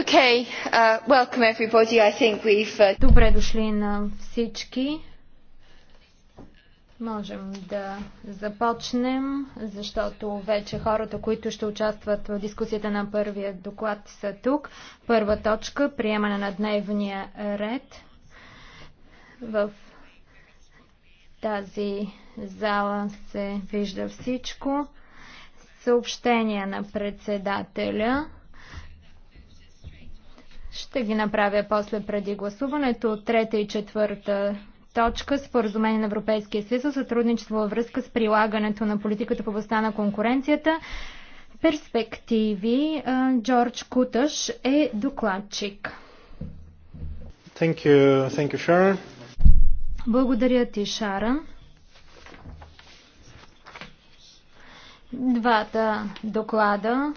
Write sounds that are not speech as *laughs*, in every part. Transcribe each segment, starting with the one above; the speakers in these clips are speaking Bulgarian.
Okay, uh, welcome everybody. I think we've... Uh, Добре дошли на всички. Можем да започнем, защото вече хората, които ще участват в дискусията на първия доклад са тук. Първа точка – приемане на дневния ред в тази зала се вижда всичко. Съобщения на председателя. Ще ги направя после преди гласуването. Трета и четвърта точка Споразумение на Европейския съюз за сътрудничество във връзка с прилагането на политиката в областта на конкуренцията. Перспективи. Джордж Куташ е докладчик. Thank you. Thank you, Sharon. Благодаря ти, Шаран. Двата доклада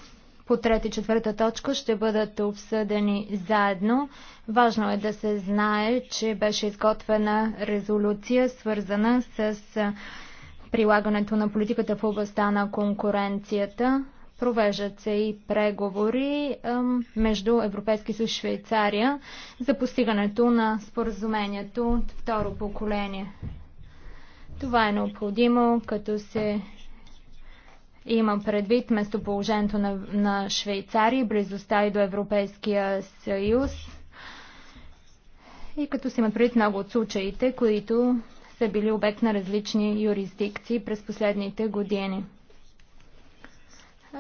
по трета и четвърта точка ще бъдат обсъдени заедно. Важно е да се знае, че беше изготвена резолюция, свързана с прилагането на политиката в областта на конкуренцията. Провеждат се и преговори между Европейски съюз и Швейцария за постигането на споразумението второ поколение. Това е необходимо, като се Имам предвид местоположението на, на Швейцария, близостта и до Европейския съюз. И като си имат предвид много от случаите, които са били обект на различни юрисдикции през последните години.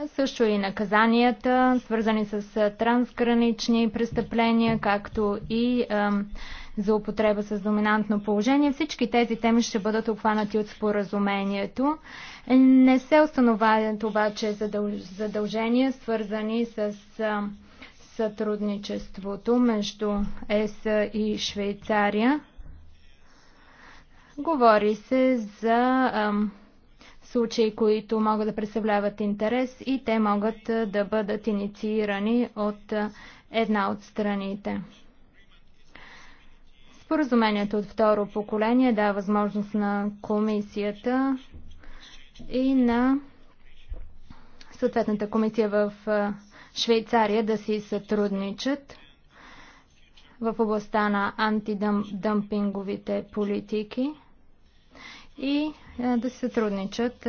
Също и наказанията, свързани с трансгранични престъпления, както и ем, за употреба с доминантно положение. Всички тези теми ще бъдат обхванати от споразумението. Не се това, че е задължения, свързани с сътрудничеството между ЕС и Швейцария. Говори се за случаи, които могат да представляват интерес и те могат да бъдат инициирани от една от страните. Споразумението от второ поколение дава възможност на комисията и на съответната комисия в Швейцария да си сътрудничат в областта на антидъмпинговите политики и да се сътрудничат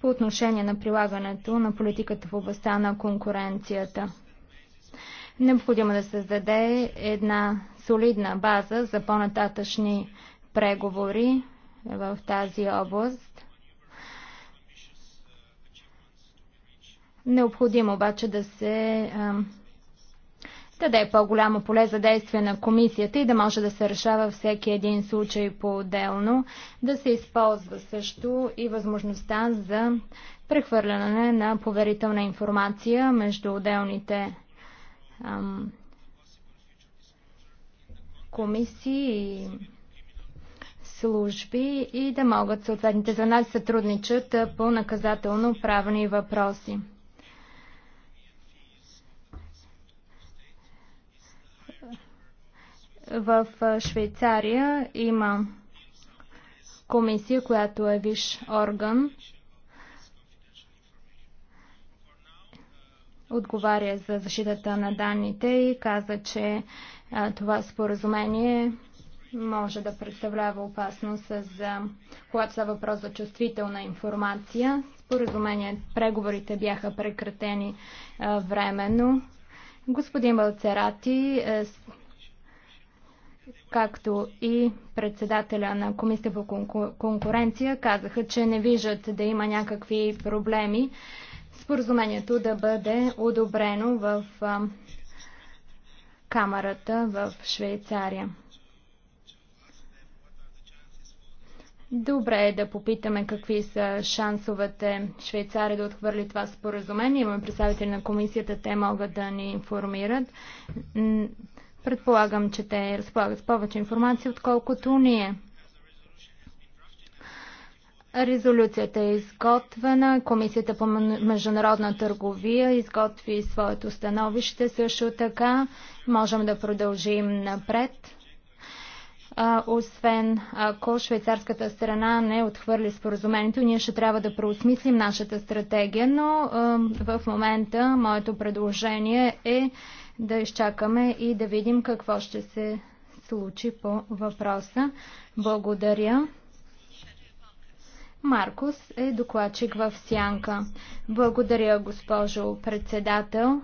по отношение на прилагането на политиката в областта на конкуренцията. Необходимо да създаде една солидна база за по-нататъчни преговори в тази област. Необходимо обаче да се даде по-голямо поле за действие на комисията и да може да се решава всеки един случай по-отделно, да се използва също и възможността за прехвърляне на поверителна информация между отделните ам, комисии и служби и да могат съответните звена да сътрудничат по наказателно правни въпроси. В Швейцария има комисия, която е виш орган, отговаря за защитата на данните и каза, че това споразумение може да представлява опасност за, когато са въпрос за чувствителна информация. Споразумение, преговорите бяха прекратени временно. Господин Балцерати е, както и председателя на Комисията по конкуренция казаха, че не виждат да има някакви проблеми споразумението да бъде одобрено в камерата в Швейцария. Добре е да попитаме какви са шансовете Швейцария да отхвърли това споразумение. Имаме представители на комисията, те могат да ни информират. Предполагам, че те разполагат с повече информация, отколкото ние. Резолюцията е изготвена. Комисията по международна търговия изготви своето становище. Също така можем да продължим напред. освен ако швейцарската страна не отхвърли споразумението, ние ще трябва да преосмислим нашата стратегия, но в момента моето предложение е да изчакаме и да видим какво ще се случи по въпроса. Благодаря. Маркус е докладчик в Сянка. Благодаря, госпожо председател.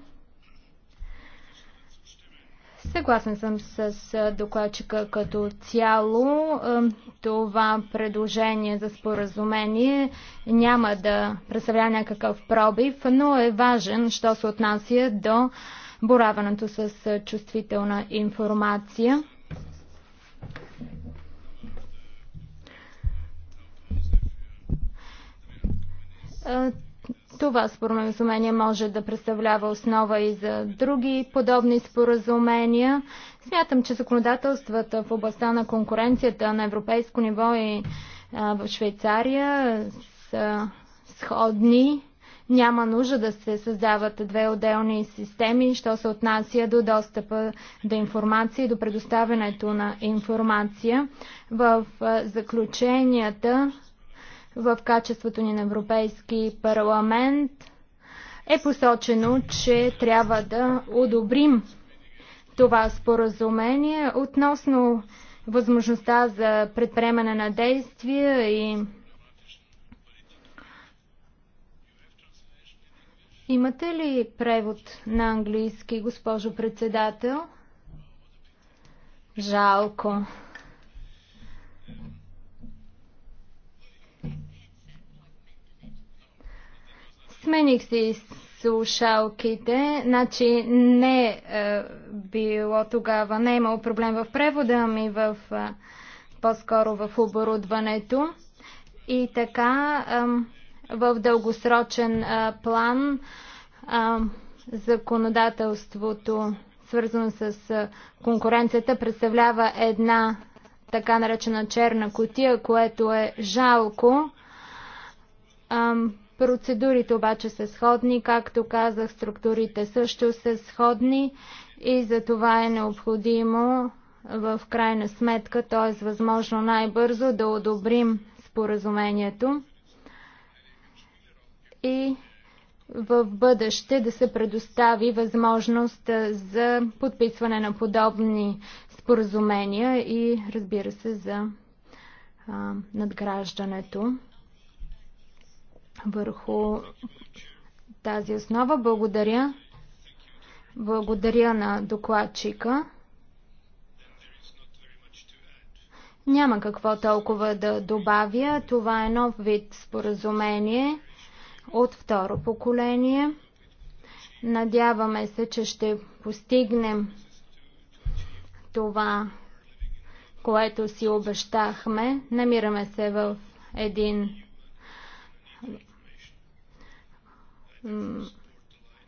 Съгласен съм с докладчика като цяло. Това предложение за споразумение няма да представлява някакъв пробив, но е важен, що се отнася до бораването с чувствителна информация. Това споразумение може да представлява основа и за други подобни споразумения. Смятам, че законодателствата в областта на конкуренцията на европейско ниво и в Швейцария са сходни. Няма нужда да се създават две отделни системи, що се отнася до достъпа до информация и до предоставянето на информация. В заключенията в качеството ни на Европейски парламент е посочено, че трябва да одобрим това споразумение относно възможността за предприемане на действия и Имате ли превод на английски, госпожо председател? Жалко. Смених си слушалките, значи не е било тогава, не е имало проблем в превода ми, в, е, по-скоро в оборудването. И така, е, в дългосрочен а, план а, законодателството, свързано с конкуренцията, представлява една така наречена черна котия, което е жалко. А, процедурите обаче са сходни, както казах, структурите също са сходни и за това е необходимо в крайна сметка, т.е. възможно най-бързо да одобрим споразумението и в бъдеще да се предостави възможност за подписване на подобни споразумения и разбира се за а, надграждането върху тази основа. Благодаря. Благодаря на докладчика. Няма какво толкова да добавя. Това е нов вид споразумение от второ поколение. Надяваме се, че ще постигнем това, което си обещахме. Намираме се в един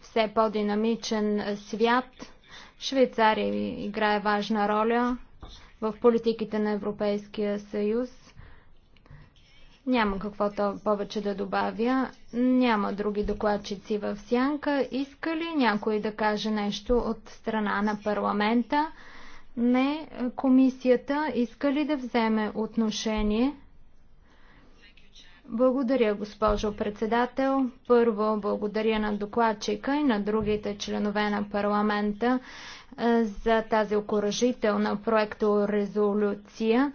все по-динамичен свят. Швейцария играе важна роля в политиките на Европейския съюз. Няма каквото повече да добавя. Няма други докладчици в сянка. Иска ли някой да каже нещо от страна на парламента? Не. Комисията иска ли да вземе отношение? Благодаря, госпожо председател. Първо, благодаря на докладчика и на другите членове на парламента е, за тази окоръжителна проекторезолюция.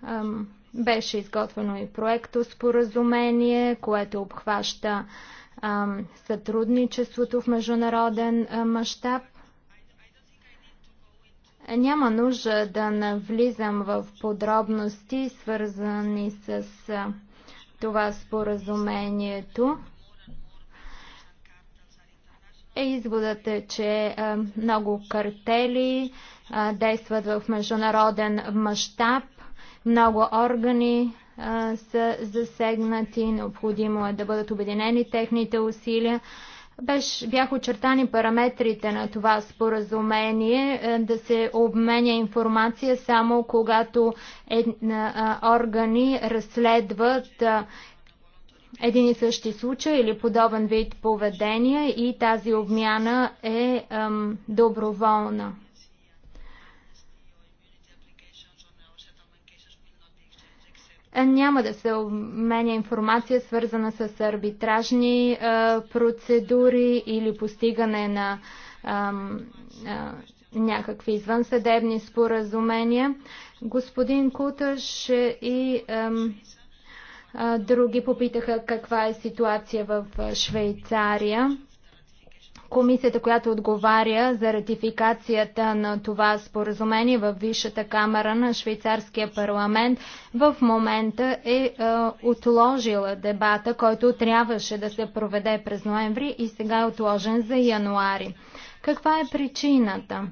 резолюция беше изготвено и проекто споразумение, което обхваща ам, сътрудничеството в международен мащаб. Няма нужда да навлизам в подробности, свързани с а, това споразумението. Е, изводът е, че а, много картели а, действат в международен мащаб много органи а, са засегнати, необходимо е да бъдат обединени техните усилия. Беш, бях очертани параметрите на това споразумение е, да се обменя информация само когато е, а, органи разследват а, един и същи случай или подобен вид поведение и тази обмяна е а, доброволна. няма да се обменя информация свързана с арбитражни процедури или постигане на някакви извънсъдебни споразумения. Господин Куташ и а, други попитаха каква е ситуация в Швейцария комисията, която отговаря за ратификацията на това споразумение в Висшата камера на швейцарския парламент, в момента е, е отложила дебата, който трябваше да се проведе през ноември и сега е отложен за януари. Каква е причината?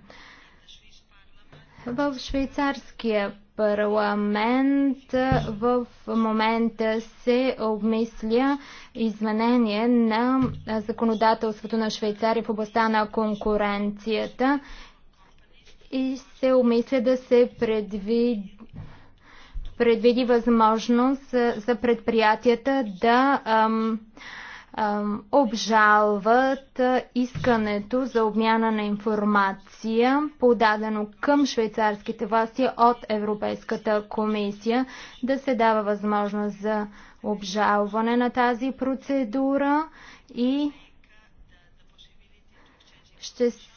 В швейцарския парламент в момента се обмисля изменение на законодателството на Швейцария в областта на конкуренцията и се обмисля да се предвиди предвиди възможност за предприятията да ам, обжалват искането за обмяна на информация, подадено към швейцарските власти от Европейската комисия, да се дава възможност за обжалване на тази процедура и ще се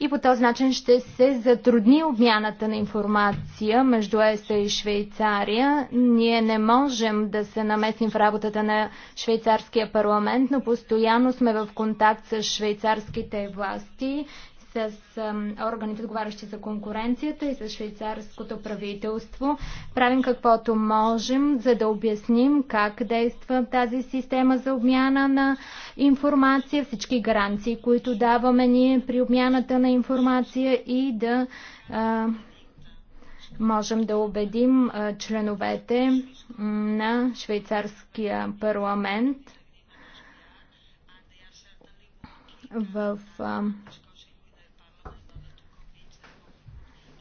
и по този начин ще се затрудни обмяната на информация между ЕСА и Швейцария. Ние не можем да се намесим в работата на швейцарския парламент, но постоянно сме в контакт с швейцарските власти с органите, отговарящи за конкуренцията и с швейцарското правителство. Правим каквото можем, за да обясним как действа тази система за обмяна на информация, всички гаранции, които даваме ние при обмяната на информация и да а, можем да убедим а, членовете на швейцарския парламент в а,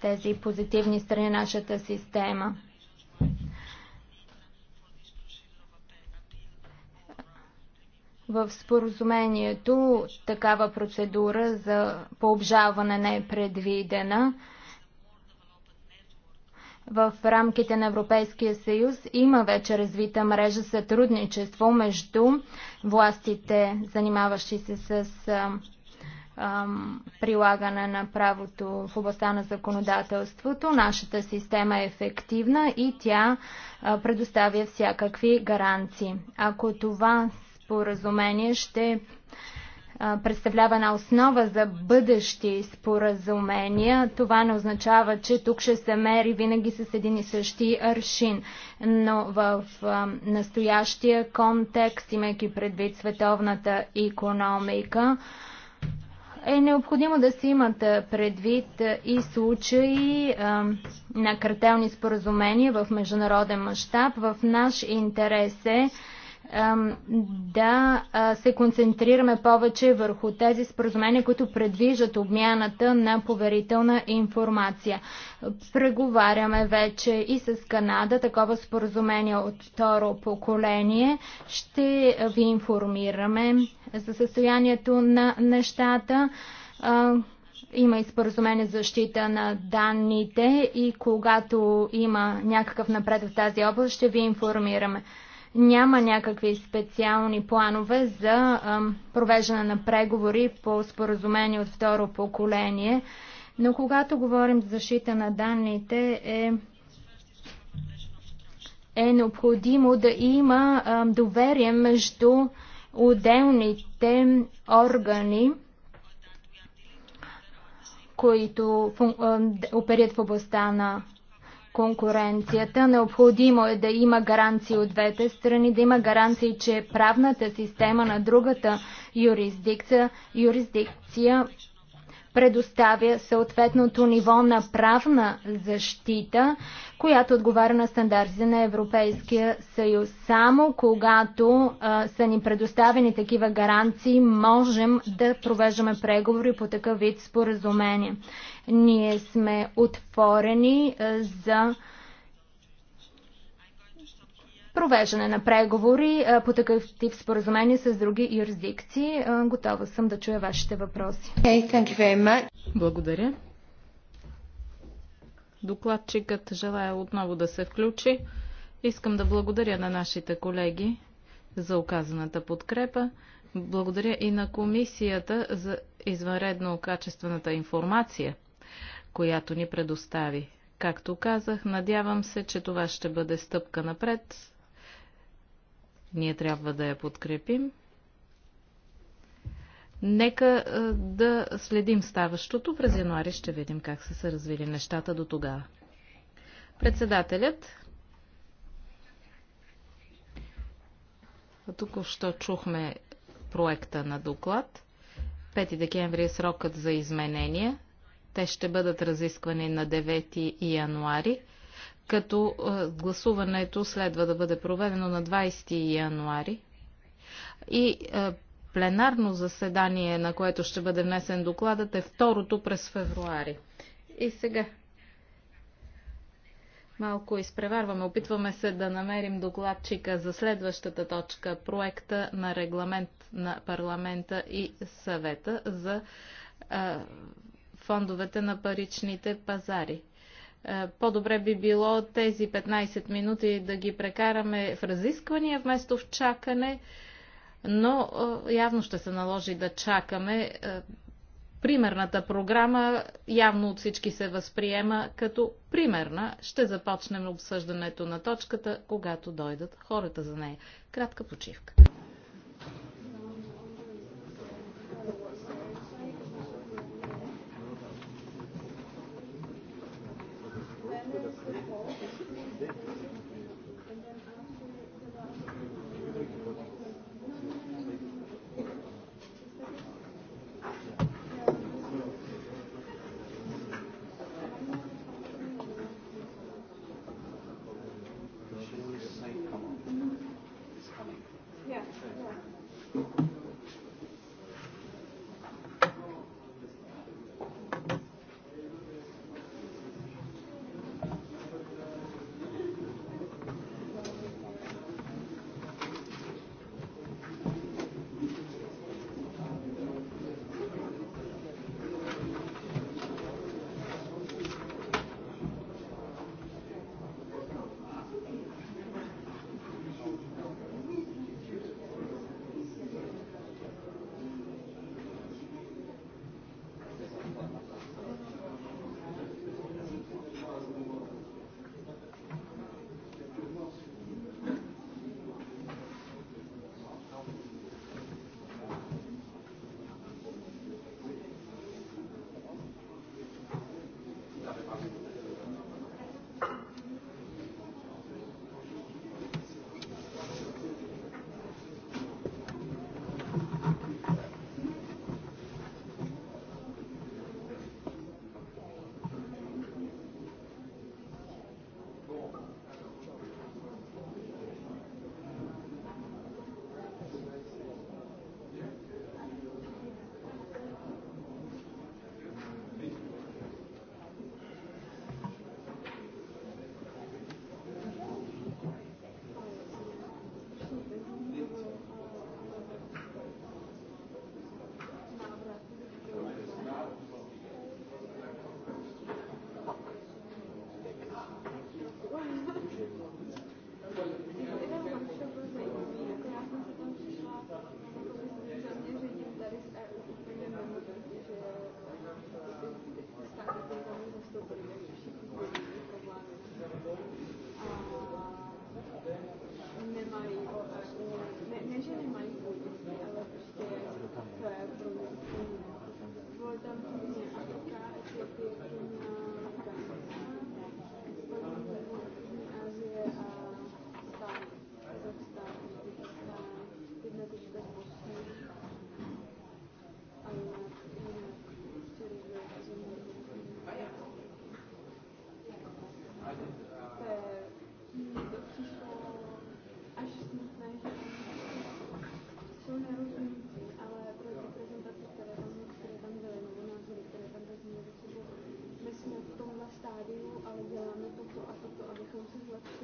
тези позитивни страни на нашата система. В споразумението такава процедура за пообжаване не е предвидена. В рамките на Европейския съюз има вече развита мрежа сътрудничество между властите, занимаващи се с прилагане на правото в областта на законодателството. Нашата система е ефективна и тя предоставя всякакви гаранции. Ако това споразумение ще представлява една основа за бъдещи споразумения. Това не означава, че тук ще се мери винаги с един и същи аршин, но в настоящия контекст, имайки предвид световната економика, е необходимо да се имат предвид и случаи на картелни споразумения в международен мащаб. В наш интерес е да се концентрираме повече върху тези споразумения, които предвиждат обмяната на поверителна информация. Преговаряме вече и с Канада такова споразумение от второ поколение. Ще ви информираме за състоянието на нещата. Има и споразумение за защита на данните и когато има някакъв напред в тази област, ще ви информираме. Няма някакви специални планове за провеждане на преговори по споразумение от второ поколение, но когато говорим за защита на данните е е необходимо да има доверие между отделните органи, които оперят в областта на конкуренцията. Необходимо е да има гаранции от двете страни, да има гаранции, че правната система на другата юрисдикция, юрисдикция предоставя съответното ниво на правна защита, която отговаря на стандартите на Европейския съюз. Само когато а, са ни предоставени такива гаранции, можем да провеждаме преговори по такъв вид споразумение. Ние сме отворени а, за провеждане на преговори по такъв тип споразумение с други юрисдикции. Готова съм да чуя вашите въпроси. thank you very much. Благодаря. Докладчикът желая отново да се включи. Искам да благодаря на нашите колеги за оказаната подкрепа. Благодаря и на комисията за извънредно качествената информация, която ни предостави. Както казах, надявам се, че това ще бъде стъпка напред ние трябва да я подкрепим. Нека е, да следим ставащото. През януари ще видим как са се развили нещата до тогава. Председателят. тук още чухме проекта на доклад. 5 декември е срокът за изменения. Те ще бъдат разисквани на 9 януари като е, гласуването следва да бъде проведено на 20 януари и е, пленарно заседание, на което ще бъде внесен докладът, е второто през февруари. И сега Малко изпреварваме. Опитваме се да намерим докладчика за следващата точка проекта на регламент на парламента и съвета за а, е, фондовете на паричните пазари. Е, по-добре би било тези 15 минути да ги прекараме в разисквания вместо в чакане, но е, явно ще се наложи да чакаме. Е, примерната програма явно от всички се възприема като примерна. Ще започнем обсъждането на точката, когато дойдат хората за нея. Кратка почивка. what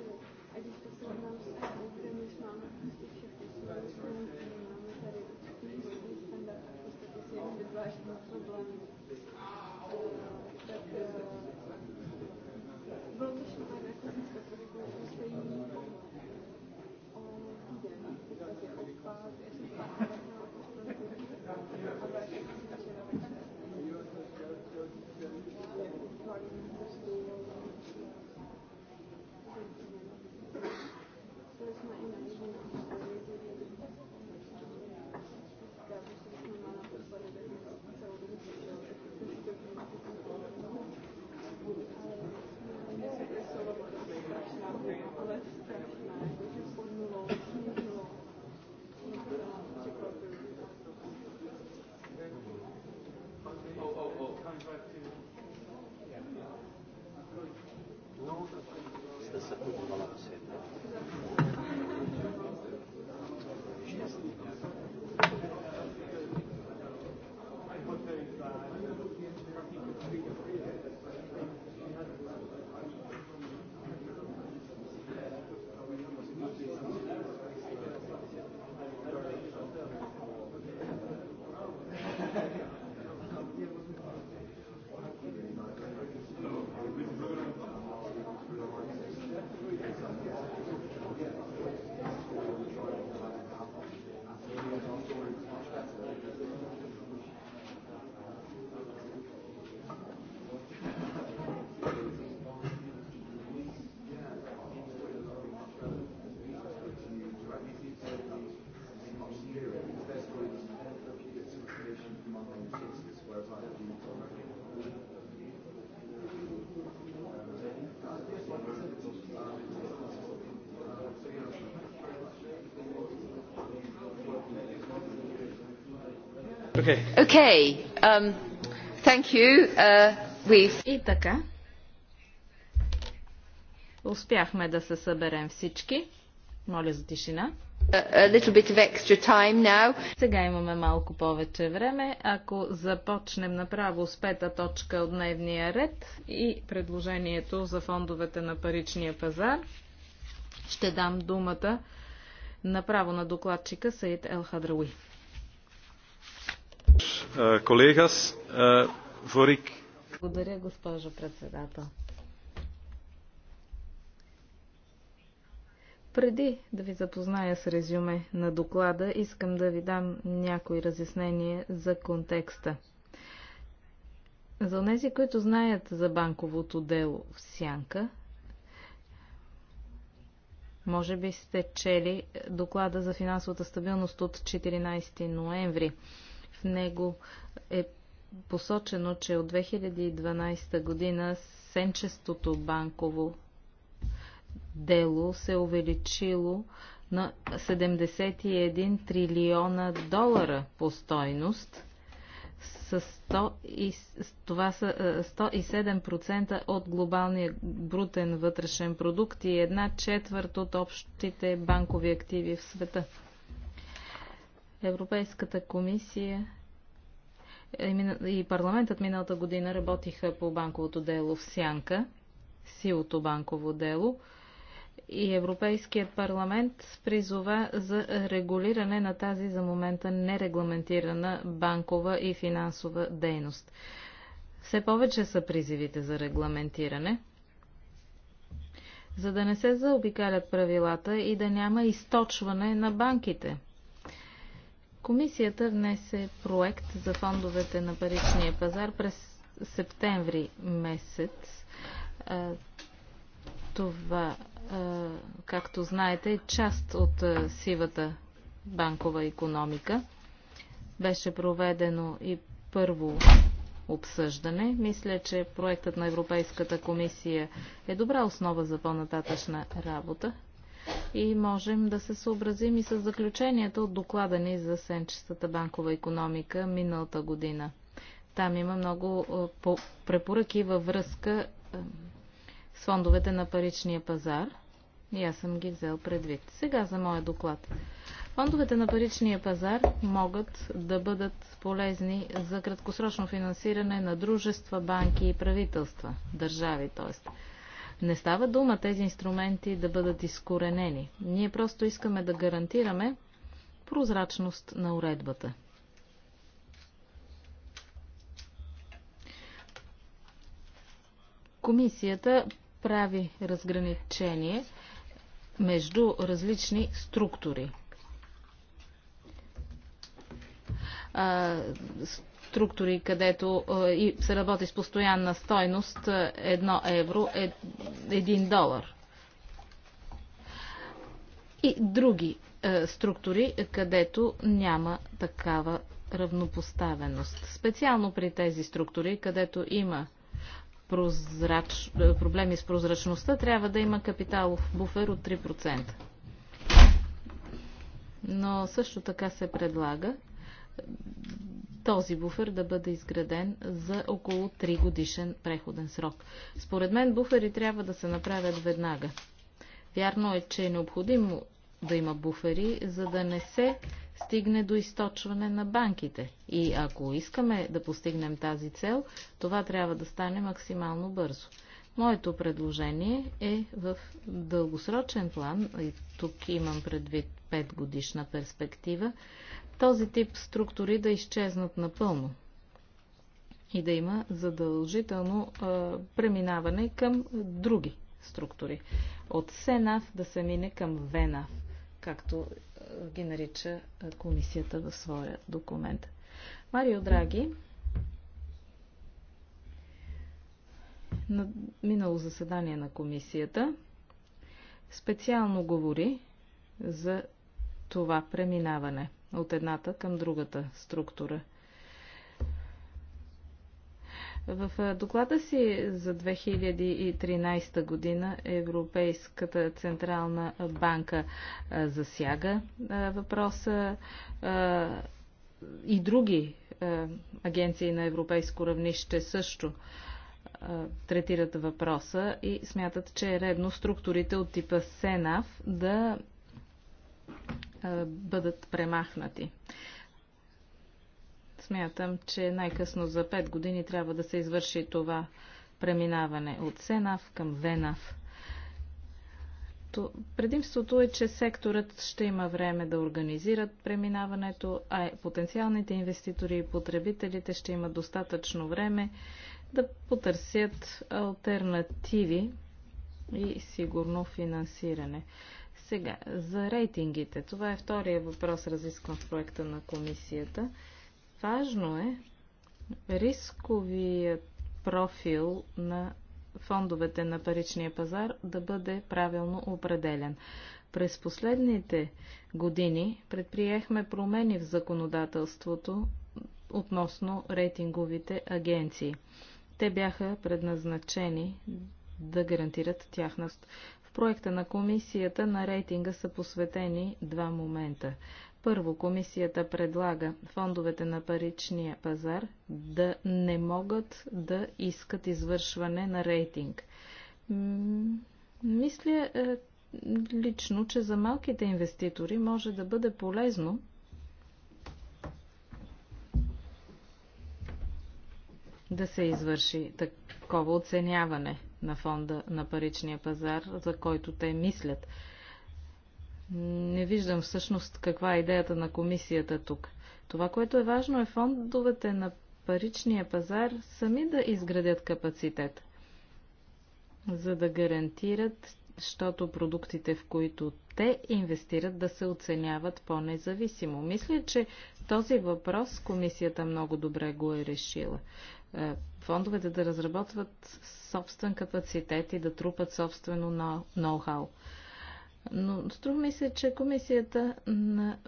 ça peut dans la recette. Um, uh, и така. Успяхме да се съберем всички. Моля за тишина. Сега имаме малко повече време. Ако започнем направо с пета точка от дневния ред и предложението за фондовете на паричния пазар, ще дам думата направо на докладчика Саид Ел Хадрауи. Е, колегас, Форик. Е, Благодаря, госпожо председател. Преди да ви запозная с резюме на доклада, искам да ви дам някои разяснения за контекста. За тези, които знаят за банковото дело в Сянка, може би сте чели доклада за финансовата стабилност от 14 ноември него е посочено, че от 2012 година сенчестото банково дело се увеличило на 71 трилиона долара по стойност. С 100 и, това са 107% е, от глобалния брутен вътрешен продукт и една четвърт от общите банкови активи в света. Европейската комисия е, и парламентът миналата година работиха по банковото дело в Сянка, силото банково дело и Европейският парламент призова за регулиране на тази за момента нерегламентирана банкова и финансова дейност. Все повече са призивите за регламентиране, за да не се заобикалят правилата и да няма източване на банките – Комисията внесе проект за фондовете на паричния пазар през септември месец. Е, това, е, както знаете, е част от е, сивата банкова економика. Беше проведено и първо обсъждане. Мисля, че проектът на Европейската комисия е добра основа за по-нататъчна работа и можем да се съобразим и с заключенията от доклада ни за сенчестата банкова економика миналата година. Там има много препоръки във връзка с фондовете на паричния пазар и аз съм ги взел предвид. Сега за моя доклад. Фондовете на паричния пазар могат да бъдат полезни за краткосрочно финансиране на дружества, банки и правителства, държави, т.е. Не става дума тези инструменти да бъдат изкоренени. Ние просто искаме да гарантираме прозрачност на уредбата. Комисията прави разграничение между различни структури структури, където е, и се работи с постоянна стойност е, едно евро е долар. И други е, структури, където няма такава равнопоставеност. Специално при тези структури, където има прозрач... проблеми с прозрачността, трябва да има капиталов буфер от 3%. Но също така се предлага този буфер да бъде изграден за около 3 годишен преходен срок. Според мен буфери трябва да се направят веднага. Вярно е, че е необходимо да има буфери, за да не се стигне до източване на банките. И ако искаме да постигнем тази цел, това трябва да стане максимално бързо. Моето предложение е в дългосрочен план, и тук имам предвид 5 годишна перспектива, този тип структури да изчезнат напълно и да има задължително а, преминаване към други структури. От СЕНАВ да се мине към ВЕНАВ, както ги нарича комисията в своя документ. Марио Драги на минало заседание на комисията специално говори за това преминаване – от едната към другата структура. В доклада си за 2013 година Европейската централна банка засяга въпроса и други агенции на европейско равнище също третират въпроса и смятат, че е редно структурите от типа СЕНАВ да е, бъдат премахнати. Смятам, че най-късно за 5 години трябва да се извърши това преминаване от СЕНАВ към ВЕНАВ. предимството е, че секторът ще има време да организират преминаването, а е, потенциалните инвеститори и потребителите ще имат достатъчно време да потърсят альтернативи и сигурно финансиране. Сега, за рейтингите. Това е втория въпрос, разискван в проекта на комисията. Важно е рисковият профил на фондовете на паричния пазар да бъде правилно определен. През последните години предприехме промени в законодателството относно рейтинговите агенции. Те бяха предназначени да гарантират тяхност проекта на комисията на рейтинга са посветени два момента. Първо, комисията предлага фондовете на паричния пазар да не могат да искат извършване на рейтинг. Мисля е, лично, че за малките инвеститори може да бъде полезно да се извърши такова оценяване – на фонда на паричния пазар, за който те мислят. Не виждам всъщност каква е идеята на комисията тук. Това, което е важно е фондовете на паричния пазар сами да изградят капацитет, за да гарантират, защото продуктите, в които те инвестират, да се оценяват по-независимо. Мисля, че този въпрос комисията много добре го е решила. Е, фондовете да разработват собствен капацитет и да трупат собствено ноу-хау. Но струва ми се, че комисията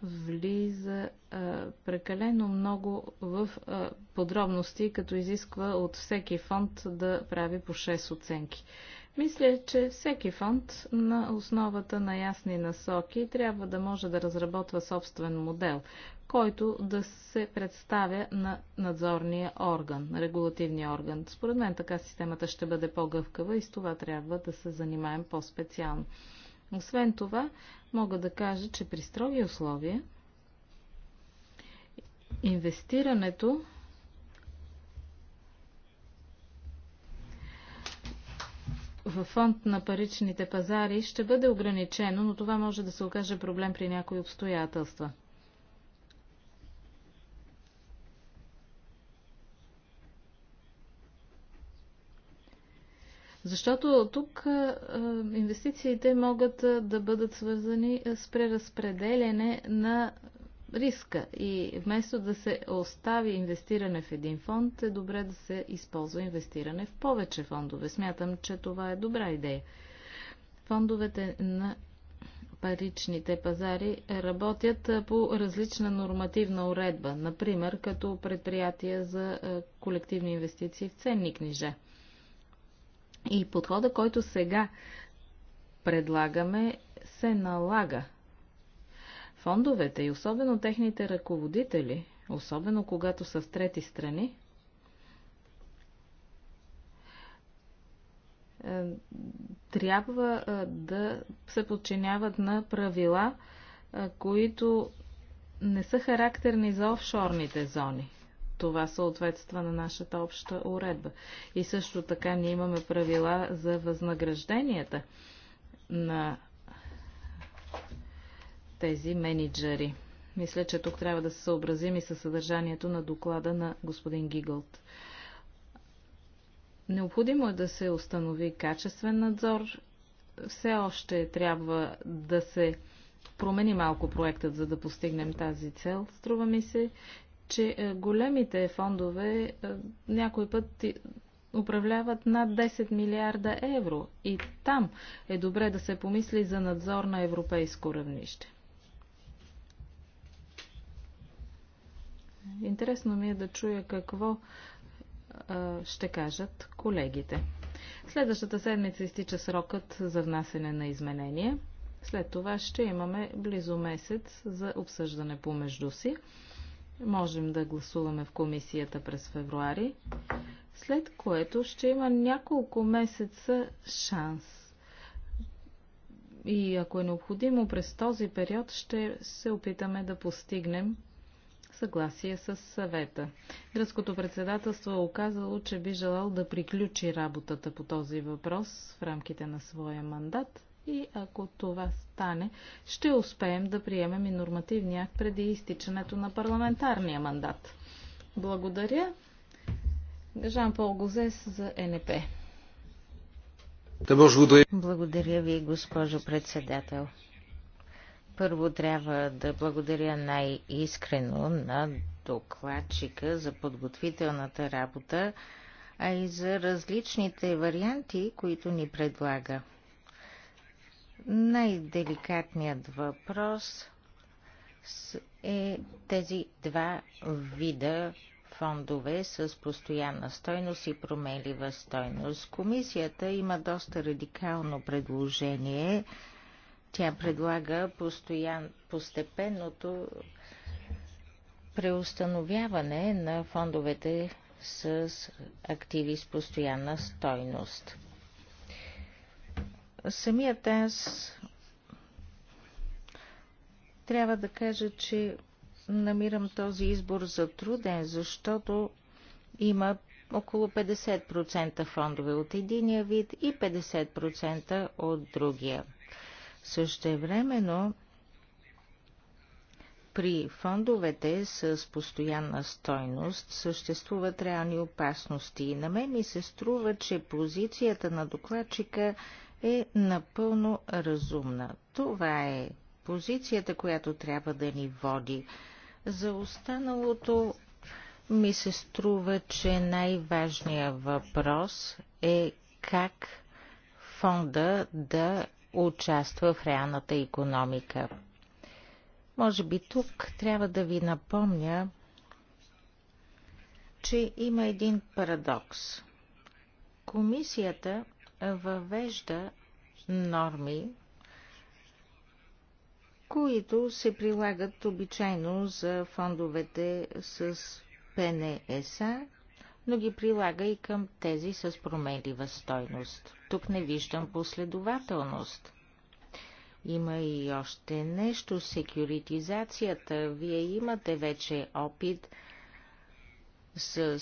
влиза а, прекалено много в а, подробности, като изисква от всеки фонд да прави по 6 оценки. Мисля, че всеки фонд на основата на ясни насоки трябва да може да разработва собствен модел, който да се представя на надзорния орган, на регулативния орган. Според мен така системата ще бъде по-гъвкава и с това трябва да се занимаем по-специално. Освен това, мога да кажа, че при строги условия инвестирането в фонд на паричните пазари ще бъде ограничено, но това може да се окаже проблем при някои обстоятелства. Защото тук инвестициите могат да бъдат свързани с преразпределене на риска и вместо да се остави инвестиране в един фонд, е добре да се използва инвестиране в повече фондове. Смятам, че това е добра идея. Фондовете на паричните пазари работят по различна нормативна уредба, например като предприятия за колективни инвестиции в ценни книжа. И подхода, който сега предлагаме, се налага Фондовете и особено техните ръководители, особено когато са в трети страни, е, трябва е, да се подчиняват на правила, е, които не са характерни за офшорните зони. Това съответства на нашата обща уредба. И също така ние имаме правила за възнагражденията на тези менеджери. Мисля, че тук трябва да се съобразим и със съдържанието на доклада на господин Гигълт. Необходимо е да се установи качествен надзор. Все още трябва да се промени малко проектът, за да постигнем тази цел. Струва ми се, че е, големите фондове е, някой път управляват над 10 милиарда евро и там е добре да се помисли за надзор на европейско равнище. Интересно ми е да чуя какво ще кажат колегите. Следващата седмица изтича срокът за внасене на изменения. След това ще имаме близо месец за обсъждане помежду си. Можем да гласуваме в комисията през февруари, след което ще има няколко месеца шанс. И ако е необходимо, през този период ще се опитаме да постигнем съгласие с съвета. Гръцкото председателство е оказало, че би желал да приключи работата по този въпрос в рамките на своя мандат и ако това стане, ще успеем да приемем и нормативния акт преди изтичането на парламентарния мандат. Благодаря. Жан Пол Гозес за НП. Благодаря ви, госпожо председател. Първо трябва да благодаря най-искрено на докладчика за подготвителната работа, а и за различните варианти, които ни предлага. Най-деликатният въпрос е тези два вида фондове с постоянна стойност и променлива стойност. Комисията има доста радикално предложение тя предлага постоян, постепенното преустановяване на фондовете с активи с постоянна стойност. Самият аз трябва да кажа, че намирам този избор за труден, защото има около 50% фондове от единия вид и 50% от другия. Същевременно при фондовете с постоянна стойност съществуват реални опасности и на мен ми се струва, че позицията на докладчика е напълно разумна. Това е позицията, която трябва да ни води. За останалото ми се струва, че най-важният въпрос е как фонда да участва в реалната економика. Може би тук трябва да ви напомня, че има един парадокс. Комисията въвежда норми, които се прилагат обичайно за фондовете с ПНСА, но ги прилага и към тези с променлива стойност. Тук не виждам последователност. Има и още нещо. Секюритизацията. Вие имате вече опит с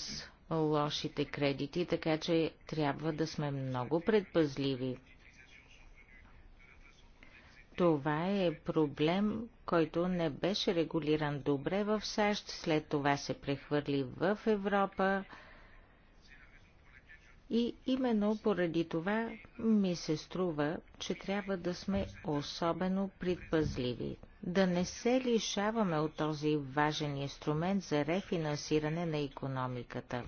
лошите кредити, така че трябва да сме много предпазливи. Това е проблем, който не беше регулиран добре в САЩ, след това се прехвърли в Европа и именно поради това ми се струва, че трябва да сме особено предпазливи, да не се лишаваме от този важен инструмент за рефинансиране на економиката.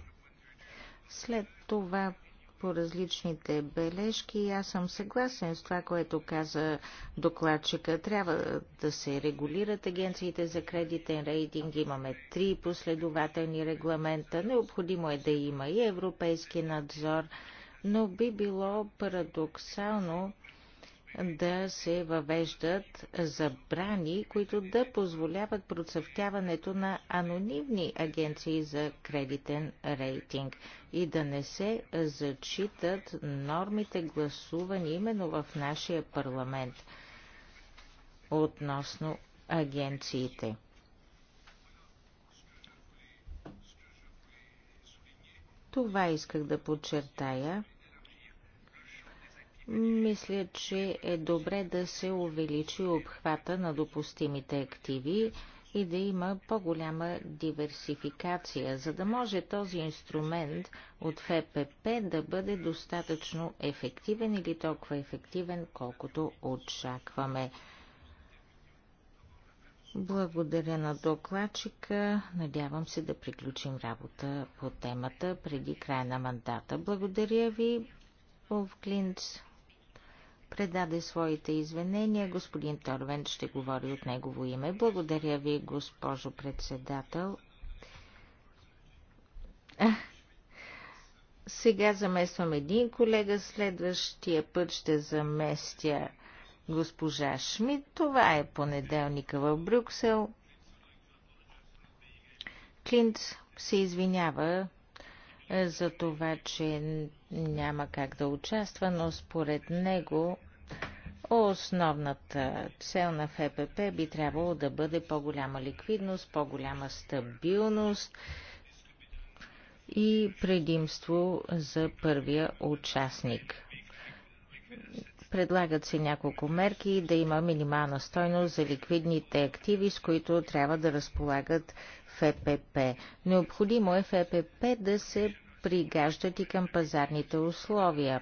След това по различните бележки. Аз съм съгласен с това, което каза докладчика. Трябва да се регулират агенциите за кредитен рейтинг. Имаме три последователни регламента. Необходимо е да има и европейски надзор, но би било парадоксално да се въвеждат забрани, които да позволяват процъфтяването на анонимни агенции за кредитен рейтинг и да не се зачитат нормите гласувани именно в нашия парламент относно агенциите. Това исках да подчертая. Мисля, че е добре да се увеличи обхвата на допустимите активи и да има по-голяма диверсификация, за да може този инструмент от ФПП да бъде достатъчно ефективен или толкова ефективен, колкото очакваме. Благодаря на докладчика. Надявам се да приключим работа по темата преди края на мандата. Благодаря ви, Олф Клинц предаде своите извинения. Господин Торвен ще говори от негово име. Благодаря ви, госпожо председател. Сега замествам един колега, следващия път ще заместя госпожа Шмидт. Това е понеделника в Брюксел. Клинт се извинява, за това, че няма как да участва, но според него основната цел на ФПП би трябвало да бъде по-голяма ликвидност, по-голяма стабилност и предимство за първия участник. Предлагат се няколко мерки да има минимална стойност за ликвидните активи, с които трябва да разполагат ФПП. Необходимо е ФПП да се пригаждат и към пазарните условия.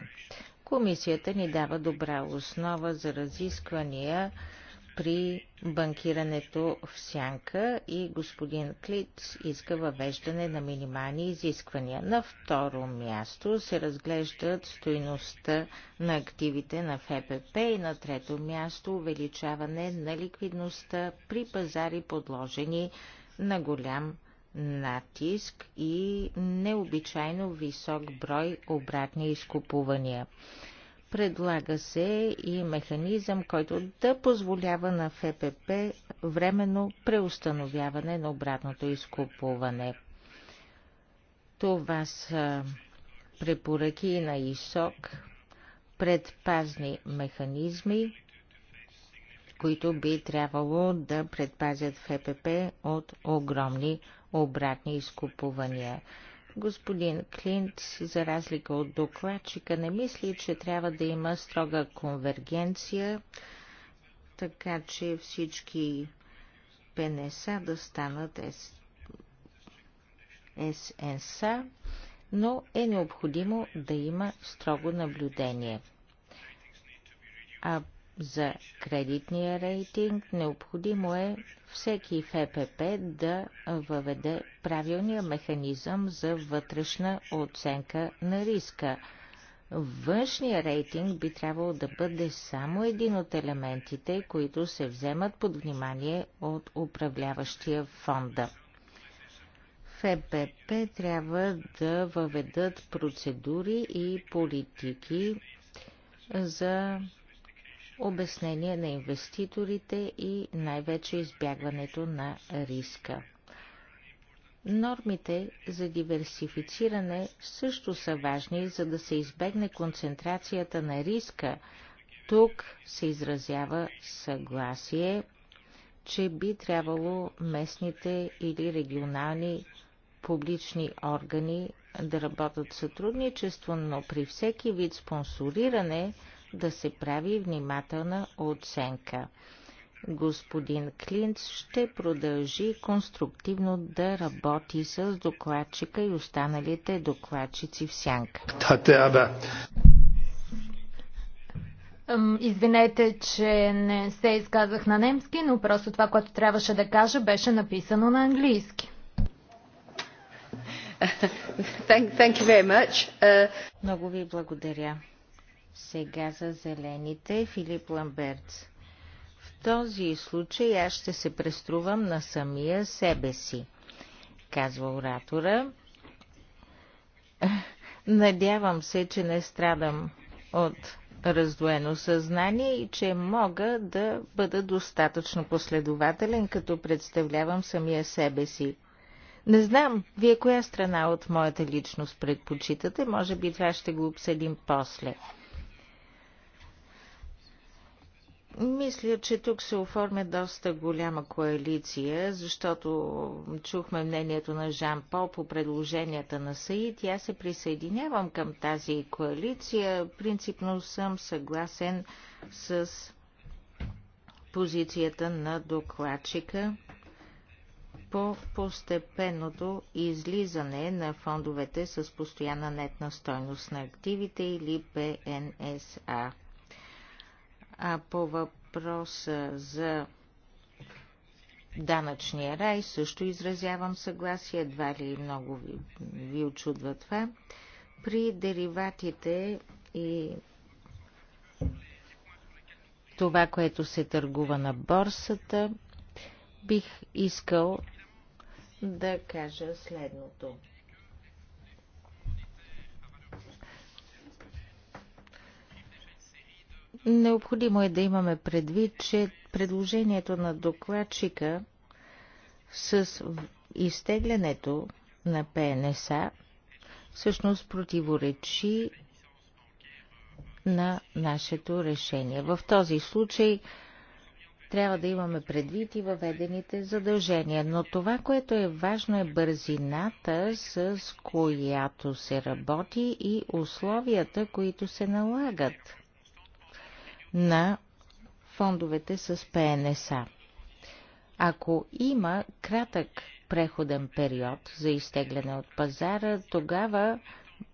Комисията ни дава добра основа за разисквания при банкирането в сянка и господин Клиц иска въвеждане на минимални изисквания. На второ място се разглеждат стоиността на активите на ФПП и на трето място увеличаване на ликвидността при пазари подложени на голям натиск и необичайно висок брой обратни изкупувания. Предлага се и механизъм, който да позволява на ФПП временно преустановяване на обратното изкупуване. Това са препоръки на ИСОК, предпазни механизми, които би трябвало да предпазят ФПП от огромни обратни изкупувания. Господин Клинт, за разлика от докладчика, не мисли, че трябва да има строга конвергенция, така че всички ПНСА да станат СНСА, но е необходимо да има строго наблюдение. А за кредитния рейтинг, необходимо е всеки ФПП да въведе правилния механизъм за вътрешна оценка на риска. Външният рейтинг би трябвало да бъде само един от елементите, които се вземат под внимание от управляващия фонда. ФПП трябва да въведат процедури и политики за обяснение на инвеститорите и най-вече избягването на риска. Нормите за диверсифициране също са важни, за да се избегне концентрацията на риска. Тук се изразява съгласие, че би трябвало местните или регионални публични органи да работят сътрудничество, но при всеки вид спонсориране – да се прави внимателна оценка. Господин Клинц ще продължи конструктивно да работи с докладчика и останалите докладчици в сянка. Извинете, че не се изказах на немски, но просто това, което трябваше да кажа, беше написано на английски. Thank, thank uh... Много ви благодаря. Сега за зелените Филип Ламберц. В този случай аз ще се преструвам на самия себе си, казва оратора. *laughs* Надявам се, че не страдам от раздвоено съзнание и че мога да бъда достатъчно последователен, като представлявам самия себе си. Не знам, вие коя страна от моята личност предпочитате, може би това ще го обсъдим после. Мисля, че тук се оформя доста голяма коалиция, защото чухме мнението на Жан Пол по предложенията на Саид и аз се присъединявам към тази коалиция. Принципно съм съгласен с позицията на докладчика по постепенното излизане на фондовете с постоянна нетна стойност на активите или ПНСА. А по въпроса за данъчния рай също изразявам съгласие, едва ли много ви, ви очудва това. При дериватите и това, което се търгува на борсата, бих искал да кажа следното. Необходимо е да имаме предвид, че предложението на докладчика с изтеглянето на ПНСА всъщност противоречи на нашето решение. В този случай трябва да имаме предвид и въведените задължения, но това, което е важно е бързината, с която се работи и условията, които се налагат на фондовете с ПНСА. Ако има кратък преходен период за изтегляне от пазара, тогава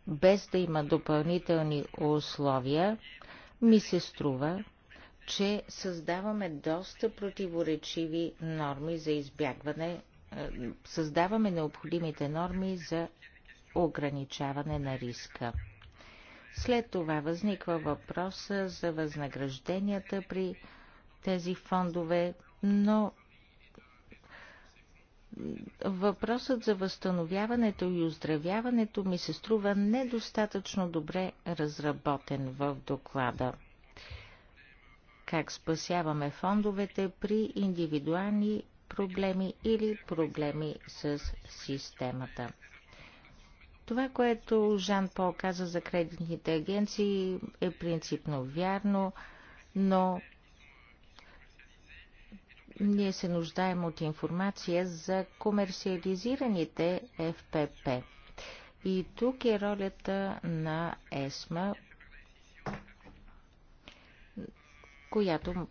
без да има допълнителни условия, ми се струва, че създаваме доста противоречиви норми за избягване, е, създаваме необходимите норми за ограничаване на риска. След това възниква въпроса за възнагражденията при тези фондове, но въпросът за възстановяването и оздравяването ми се струва недостатъчно добре разработен в доклада. Как спасяваме фондовете при индивидуални проблеми или проблеми с системата. Това, което Жан Пол каза за кредитните агенции е принципно вярно, но ние се нуждаем от информация за комерциализираните ФПП. И тук е ролята на ЕСМА, която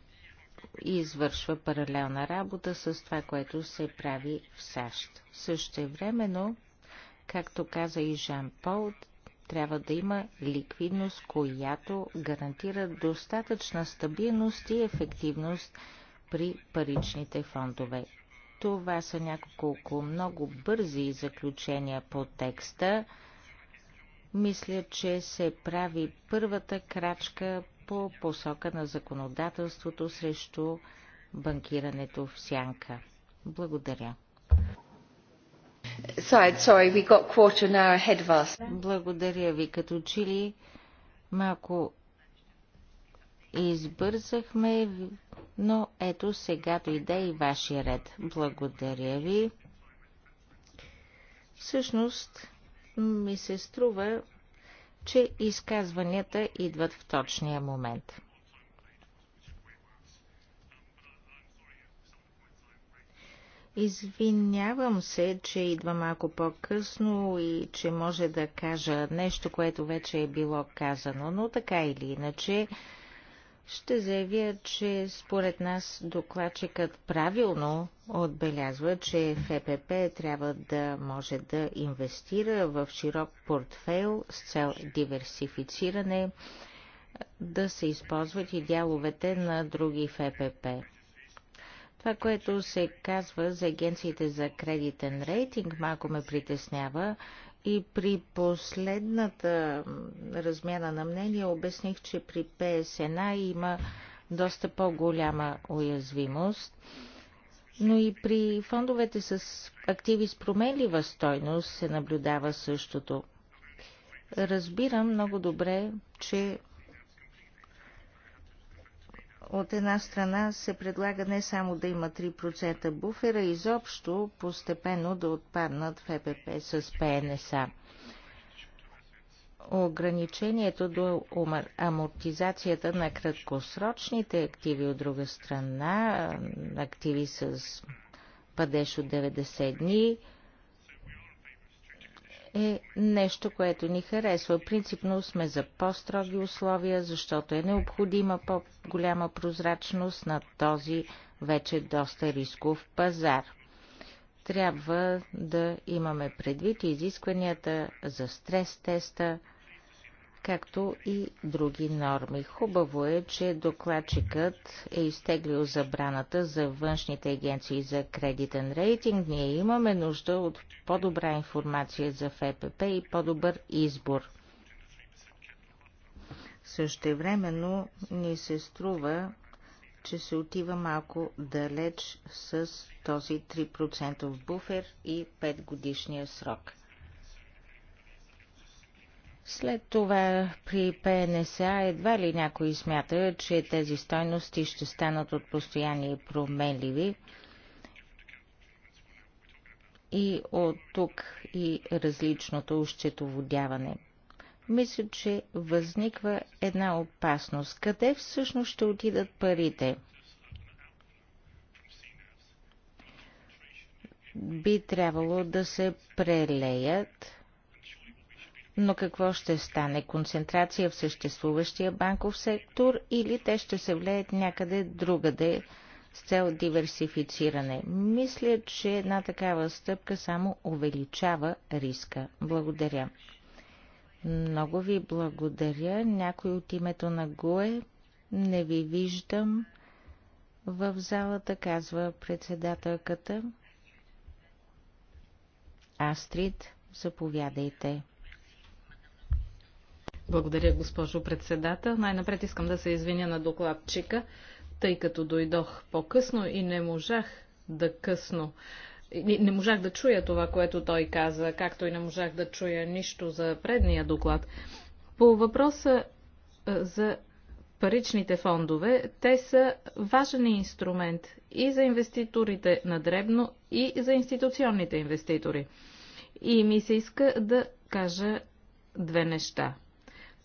извършва паралелна работа с това, което се прави в САЩ. Също времено Както каза и Жан Пол, трябва да има ликвидност, която гарантира достатъчна стабилност и ефективност при паричните фондове. Това са няколко много бързи заключения по текста. Мисля, че се прави първата крачка по посока на законодателството срещу банкирането в сянка. Благодаря. Sorry, we got quarter an hour ahead of us. Благодаря ви. Като че ли малко избързахме, но ето сега дойде и вашия ред. Благодаря ви. Всъщност ми се струва, че изказванията идват в точния момент. Извинявам се, че идва малко по-късно и че може да кажа нещо, което вече е било казано, но така или иначе ще заявя, че според нас докладчикът правилно отбелязва, че ФПП трябва да може да инвестира в широк портфейл с цел диверсифициране, да се използват и дяловете на други ФПП. Това, което се казва за агенциите за кредитен рейтинг, малко ме притеснява. И при последната размяна на мнение обясних, че при ПСНА има доста по-голяма уязвимост. Но и при фондовете с активи с променлива стойност се наблюдава същото. Разбирам много добре, че от една страна се предлага не само да има 3% буфера, изобщо постепенно да отпаднат ФПП е с ПНСА. Е Ограничението до амортизацията на краткосрочните активи от друга страна, активи с падеж от 90 дни – е нещо, което ни харесва. Принципно сме за по-строги условия, защото е необходима по-голяма прозрачност на този вече доста рисков пазар. Трябва да имаме предвид изискванията за стрес теста, както и други норми. Хубаво е, че докладчикът е изтеглил забраната за външните агенции за кредитен рейтинг. Ние имаме нужда от по-добра информация за ФПП и по-добър избор. Същевременно ни се струва, че се отива малко далеч с този 3% буфер и 5 годишния срок. След това при ПНСА едва ли някои смятат, че тези стойности ще станат от постоянни променливи. И от тук и различното ущетоводяване. Мисля, че възниква една опасност. Къде всъщност ще отидат парите? Би трябвало да се прелеят но какво ще стане? Концентрация в съществуващия банков сектор или те ще се влеят някъде другаде с цел диверсифициране? Мисля, че една такава стъпка само увеличава риска. Благодаря. Много ви благодаря. Някой от името на Гуе не ви виждам. В залата казва председателката. Астрид, заповядайте. Благодаря, госпожо председател. Най-напред искам да се извиня на докладчика, тъй като дойдох по-късно и не можах да късно. Не, не можах да чуя това, което той каза, както и не можах да чуя нищо за предния доклад. По въпроса е, за паричните фондове, те са важен инструмент и за инвеститорите на дребно, и за институционните инвеститори. И ми се иска да кажа две неща.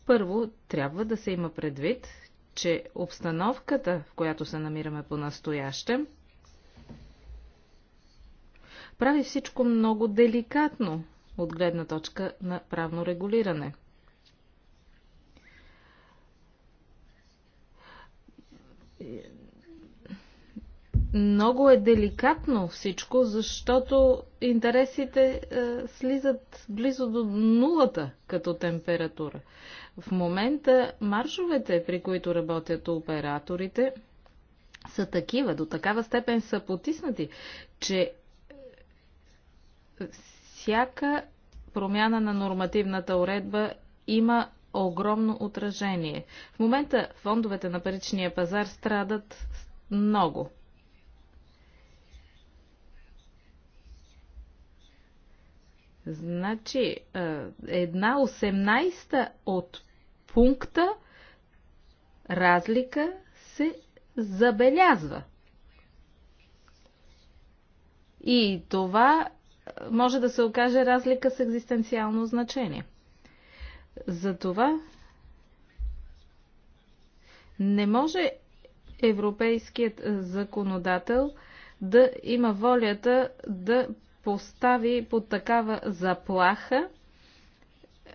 Първо, трябва да се има предвид, че обстановката, в която се намираме по-настоящем, прави всичко много деликатно от гледна точка на правно регулиране. Много е деликатно всичко, защото интересите е, слизат близо до нулата като температура. В момента маржовете, при които работят операторите, са такива, до такава степен са потиснати, че всяка промяна на нормативната уредба има огромно отражение. В момента фондовете на паричния пазар страдат много. Значи, една 18 от пункта разлика се забелязва. И това може да се окаже разлика с екзистенциално значение. Затова не може европейският законодател да има волята да постави под такава заплаха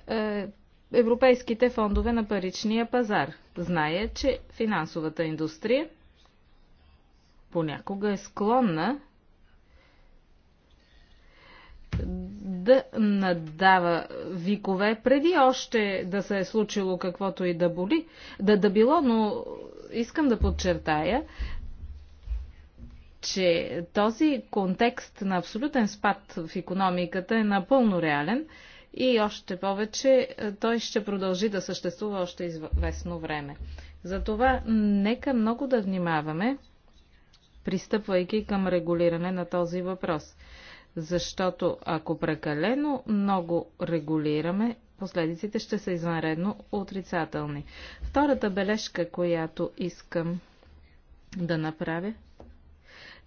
е, европейските фондове на паричния пазар. Знае, че финансовата индустрия понякога е склонна да надава викове, преди още да се е случило каквото и да боли, да да било, но искам да подчертая, че този контекст на абсолютен спад в економиката е напълно реален и още повече е, той ще продължи да съществува още известно време. Затова нека много да внимаваме, пристъпвайки към регулиране на този въпрос. Защото ако прекалено много регулираме, последиците ще са извънредно отрицателни. Втората бележка, която искам да направя,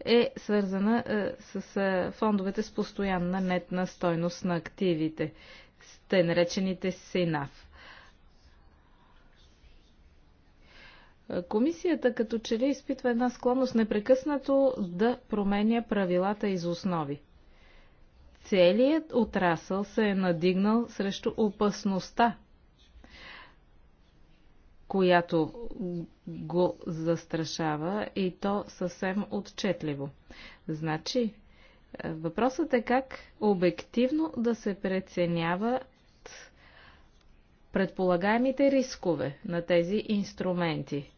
е свързана е, с е, фондовете с постоянна нетна стойност на активите, с те наречените СИНАВ. Е, комисията като че ли изпитва една склонност непрекъснато да променя правилата из основи. Целият отрасъл се е надигнал срещу опасността която го застрашава и то съвсем отчетливо. Значи, е, въпросът е как обективно да се преценяват предполагаемите рискове на тези инструменти,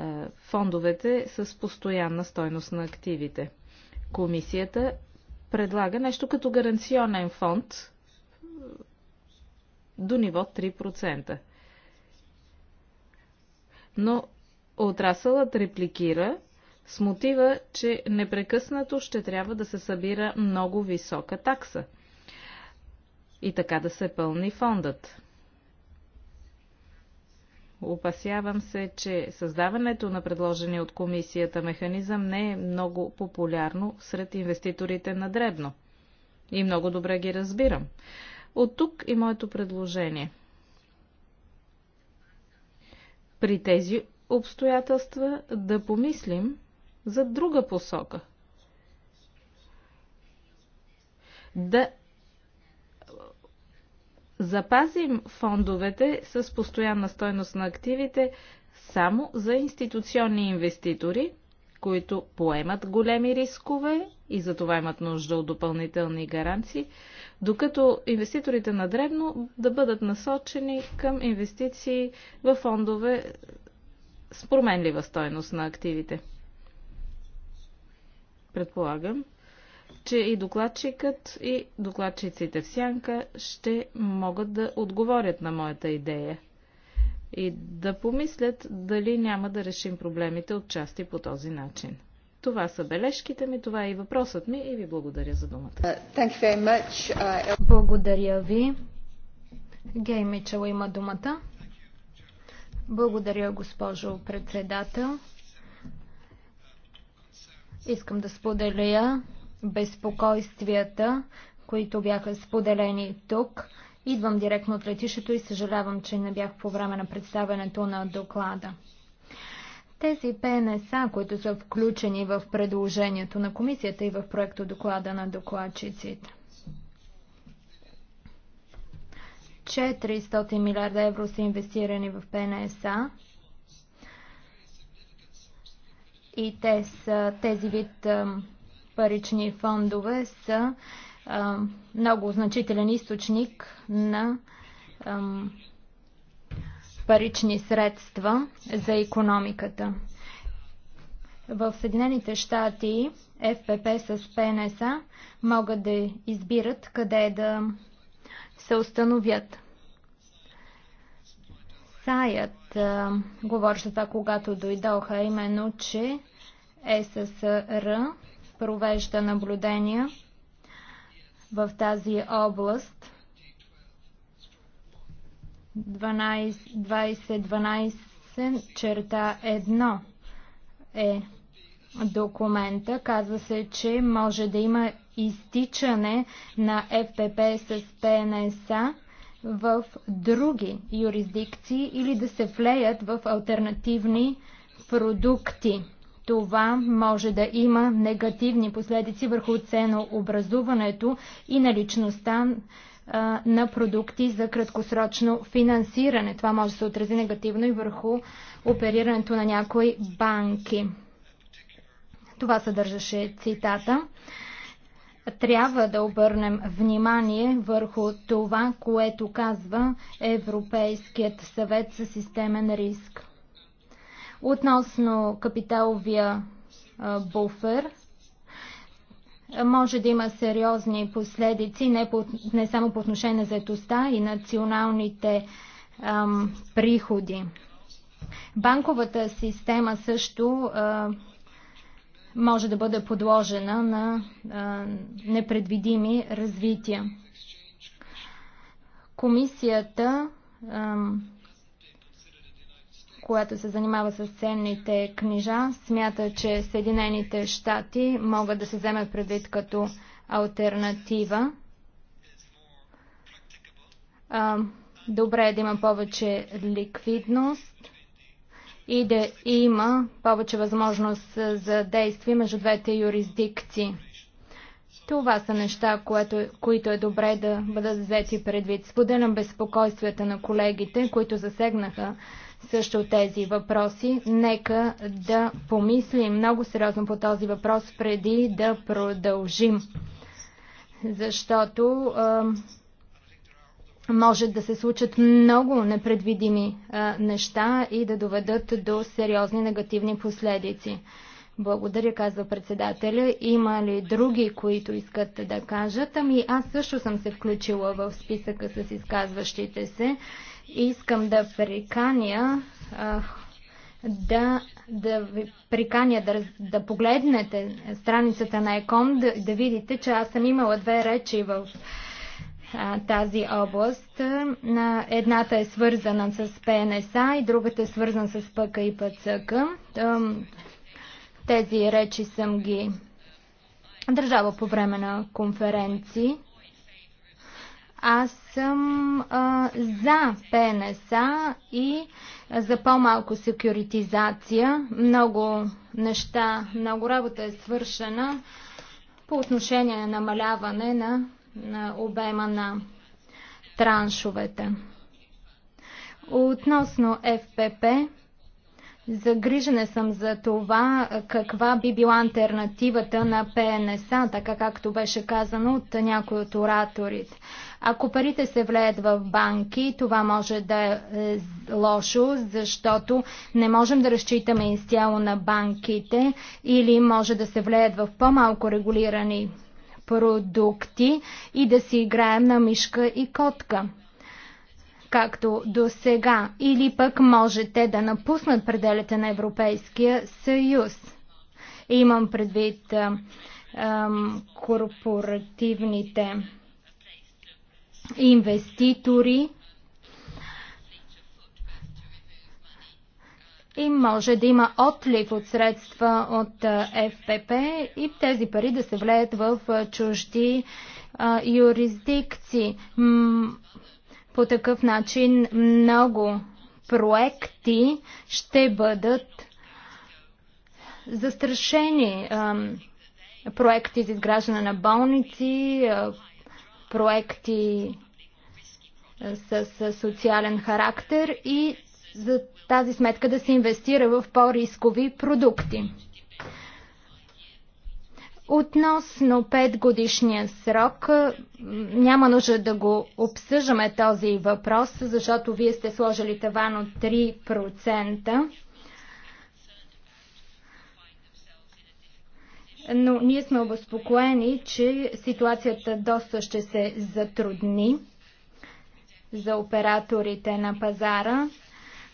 е, фондовете с постоянна стойност на активите. Комисията предлага нещо като гаранционен фонд до ниво 3% но отрасълът репликира с мотива, че непрекъснато ще трябва да се събира много висока такса и така да се пълни фондът. Опасявам се, че създаването на предложения от комисията механизъм не е много популярно сред инвеститорите на дребно. И много добре ги разбирам. От тук и моето предложение – при тези обстоятелства да помислим за друга посока. Да запазим фондовете с постоянна стойност на активите само за институционни инвеститори които поемат големи рискове и за това имат нужда от допълнителни гаранции, докато инвеститорите на дребно да бъдат насочени към инвестиции в фондове с променлива стойност на активите. Предполагам, че и докладчикът, и докладчиците в сянка ще могат да отговорят на моята идея – и да помислят дали няма да решим проблемите от части по този начин. Това са бележките ми, това е и въпросът ми и ви благодаря за думата. Uh, uh, благодаря ви. Гей Мичел има думата. Благодаря, госпожо председател. Искам да споделя безпокойствията, които бяха споделени тук Идвам директно от летището и съжалявам, че не бях по време на представянето на доклада. Тези ПНСА, които са включени в предложението на комисията и в проекто доклада на докладчиците. 400 милиарда евро са инвестирани в ПНСА и те са, тези вид парични фондове са много значителен източник на парични средства за економиката. В Съединените щати ФПП с ПНСА могат да избират къде да се установят. Саят за това, когато дойдоха, именно, че ССР провежда наблюдения в тази област. 2012 черта 1 е документа. Казва се, че може да има изтичане на ФПП с ПНСА в други юрисдикции или да се влеят в альтернативни продукти това може да има негативни последици върху ценообразуването и наличността на продукти за краткосрочно финансиране. Това може да се отрази негативно и върху оперирането на някои банки. Това съдържаше цитата. Трябва да обърнем внимание върху това, което казва Европейският съвет за системен риск. Относно капиталовия буфер, може да има сериозни последици не, по, не само по отношение на заетостта и националните ам, приходи. Банковата система също а, може да бъде подложена на а, непредвидими развития. Комисията която се занимава с ценните книжа, смята, че Съединените щати могат да се вземат предвид като альтернатива. Добре е да има повече ликвидност и да има повече възможност за действие между двете юрисдикции. Това са неща, което, които е добре да бъдат взети предвид. Споделям безпокойствията на колегите, които засегнаха също тези въпроси. Нека да помислим много сериозно по този въпрос преди да продължим. Защото а, може да се случат много непредвидими а, неща и да доведат до сериозни негативни последици. Благодаря, казва председателя. Има ли други, които искат да кажат? Ами аз също съм се включила в списъка с изказващите се. Искам да приканя да, да ви приканя да, да погледнете страницата на ЕКОМ, да, да видите, че аз съм имала две речи в а, тази област. едната е свързана с ПНСА е и другата е свързана с ПК и ПЦК. тези речи съм ги държава по време на конференции. Аз съм а, за ПНСА и за по-малко секюритизация. Много неща, много работа е свършена по отношение на намаляване на, на обема на траншовете. Относно ФПП, загрижена съм за това каква би била альтернативата на ПНСА, така както беше казано от някои от ораторите. Ако парите се влеят в банки, това може да е, е лошо, защото не можем да разчитаме изцяло на банките или може да се влеят в по-малко регулирани продукти и да си играем на мишка и котка както до сега, или пък може те да напуснат пределите на Европейския съюз. Имам предвид а, корпоративните инвеститори и може да има отлив от средства от ФПП и тези пари да се влеят в чужди юрисдикции. По такъв начин много проекти ще бъдат застрашени. Проекти за изграждане на болници, проекти с, с социален характер и за тази сметка да се инвестира в по-рискови продукти. Относно 5 годишния срок, няма нужда да го обсъждаме този въпрос, защото вие сте сложили таван от 3%. но ние сме обезпокоени, че ситуацията доста ще се затрудни за операторите на пазара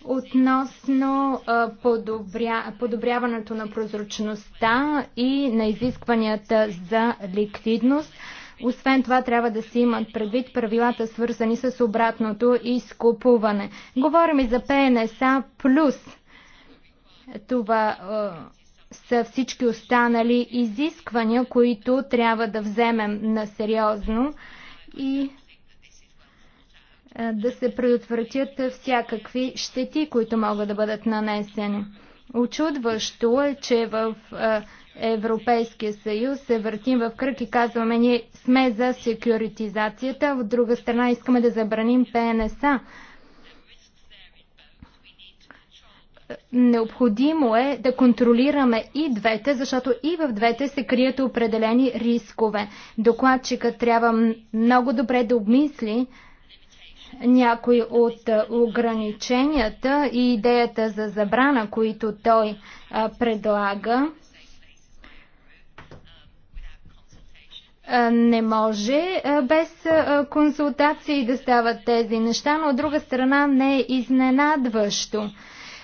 относно подобря... подобряването на прозрачността и на изискванията за ликвидност. Освен това, трябва да се имат предвид правилата, свързани с обратното изкупуване. Говорим и за ПНСА плюс. Това са всички останали изисквания, които трябва да вземем на сериозно и да се предотвратят всякакви щети, които могат да бъдат нанесени. Очудващо е, че в Европейския съюз се въртим в кръг и казваме ние сме за секюритизацията, от друга страна искаме да забраним ПНСА. Необходимо е да контролираме и двете, защото и в двете се крият определени рискове. Докладчикът трябва много добре да обмисли някои от ограниченията и идеята за забрана, които той предлага. не може без консултации да стават тези неща, но от друга страна не е изненадващо.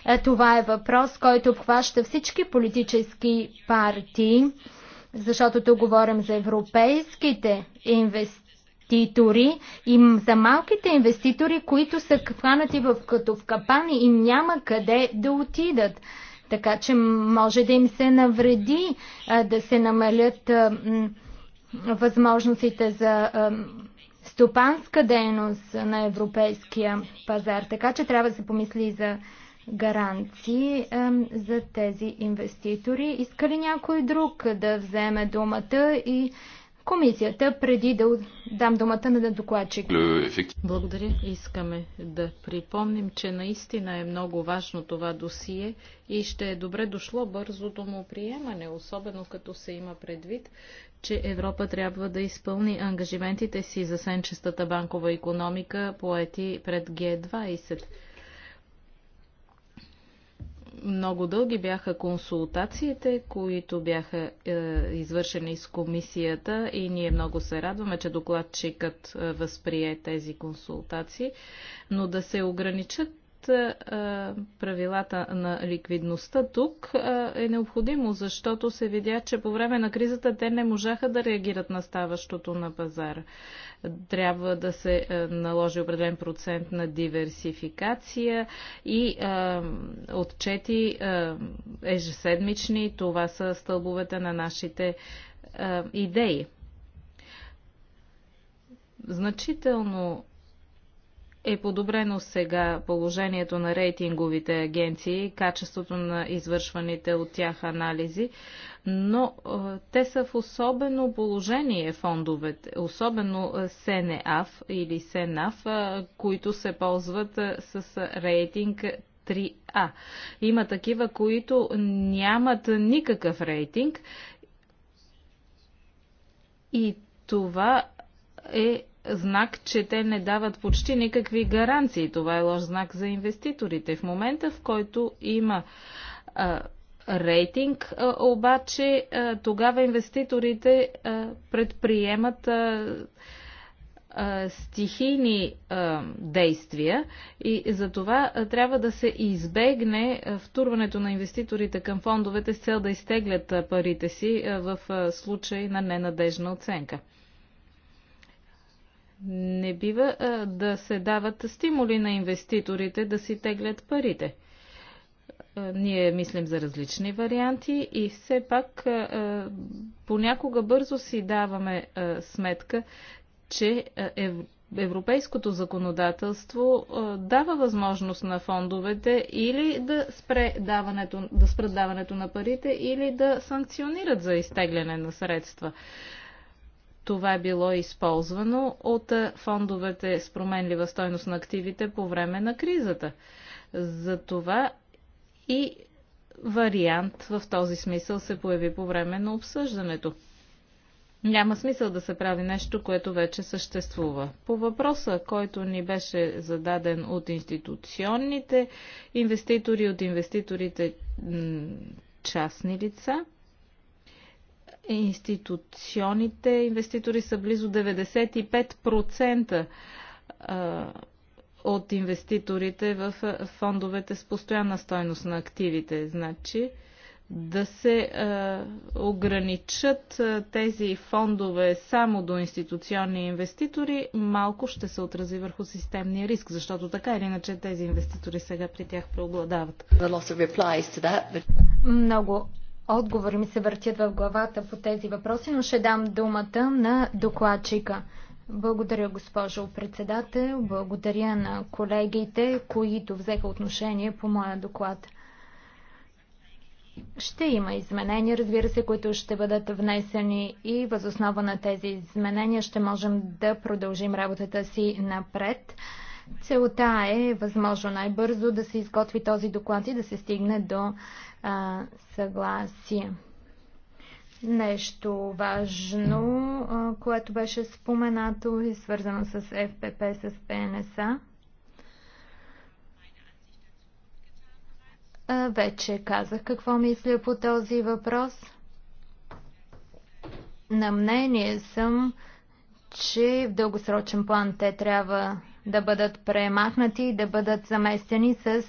Е, това е въпрос, който обхваща всички политически партии, защото тук говорим за европейските инвеститори и за малките инвеститори, които са хванати в, като в капани и няма къде да отидат така че може да им се навреди е, да се намалят е, възможностите за стопанска дейност на европейския пазар. Така че трябва да се помисли за гаранции за тези инвеститори. Иска ли някой друг да вземе думата и комисията преди да дам думата на докладчик. Благодаря. Искаме да припомним, че наистина е много важно това досие и ще е добре дошло бързото му приемане, особено като се има предвид, че Европа трябва да изпълни ангажиментите си за сенчестата банкова економика, поети пред Г20. Много дълги бяха консултациите, които бяха е, извършени с комисията и ние много се радваме, че докладчикът е, възприе тези консултации, но да се ограничат е, е, правилата на ликвидността тук е, е необходимо, защото се видя, че по време на кризата те не можаха да реагират на ставащото на пазара. Трябва да се наложи определен процент на диверсификация и отчети ежеседмични. Това са стълбовете на нашите идеи. Значително е подобрено сега положението на рейтинговите агенции, качеството на извършваните от тях анализи, но е, те са в особено положение фондовете, особено е, СНАФ или СНАФ, е, които се ползват с рейтинг 3А. Има такива, които нямат никакъв рейтинг и това е знак, че те не дават почти никакви гаранции. Това е лош знак за инвеститорите. В момента, в който има а, рейтинг, а, обаче а, тогава инвеститорите а, предприемат а, а, стихийни а, действия и за това а, трябва да се избегне а, втурването на инвеститорите към фондовете с цел да изтеглят а, парите си а, в а, случай на ненадежна оценка. Не бива а, да се дават стимули на инвеститорите да си теглят парите. А, ние мислим за различни варианти и все пак а, понякога бързо си даваме а, сметка, че е. европейското законодателство а, дава възможност на фондовете или да, спре даването, да спрат даването на парите, или да санкционират за изтегляне на средства това е било използвано от фондовете с променлива стойност на активите по време на кризата. Затова и вариант в този смисъл се появи по време на обсъждането. Няма смисъл да се прави нещо, което вече съществува. По въпроса, който ни беше зададен от институционните инвеститори, от инвеститорите частни лица, е институционните инвеститори са близо 95% от инвеститорите в фондовете с постоянна стойност на активите. Значи да се ограничат тези фондове само до институционни инвеститори, малко ще се отрази върху системния риск, защото така или иначе тези инвеститори сега при тях преобладават. Много отговори ми се въртят в главата по тези въпроси, но ще дам думата на докладчика. Благодаря, госпожо председател. Благодаря на колегите, които взеха отношение по моя доклад. Ще има изменения, разбира се, които ще бъдат внесени и възоснова на тези изменения ще можем да продължим работата си напред. Целта е възможно най-бързо да се изготви този доклад и да се стигне до а, съгласие. Нещо важно, а, което беше споменато и е свързано с ФПП, с ПНСА. А, вече казах какво мисля по този въпрос. На мнение съм, че в дългосрочен план те трябва да бъдат премахнати и да бъдат заместени с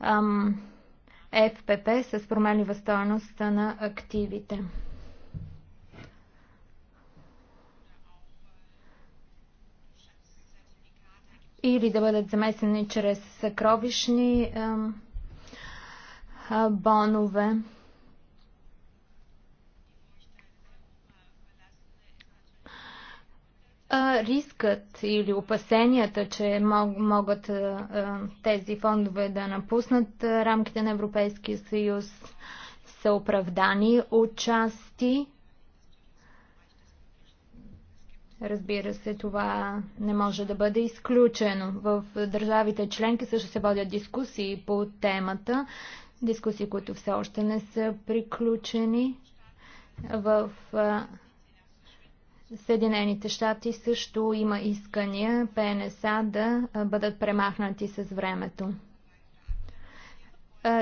ам, ФПП, с променлива стоеност на активите. Или да бъдат замесени чрез съкровищни ам, а, бонове. рискът или опасенията, че могат тези фондове да напуснат рамките на Европейския съюз, са оправдани отчасти. Разбира се, това не може да бъде изключено. В държавите членки също се водят дискусии по темата, дискусии, които все още не са приключени. В Съединените щати също има искания ПНСА да бъдат премахнати с времето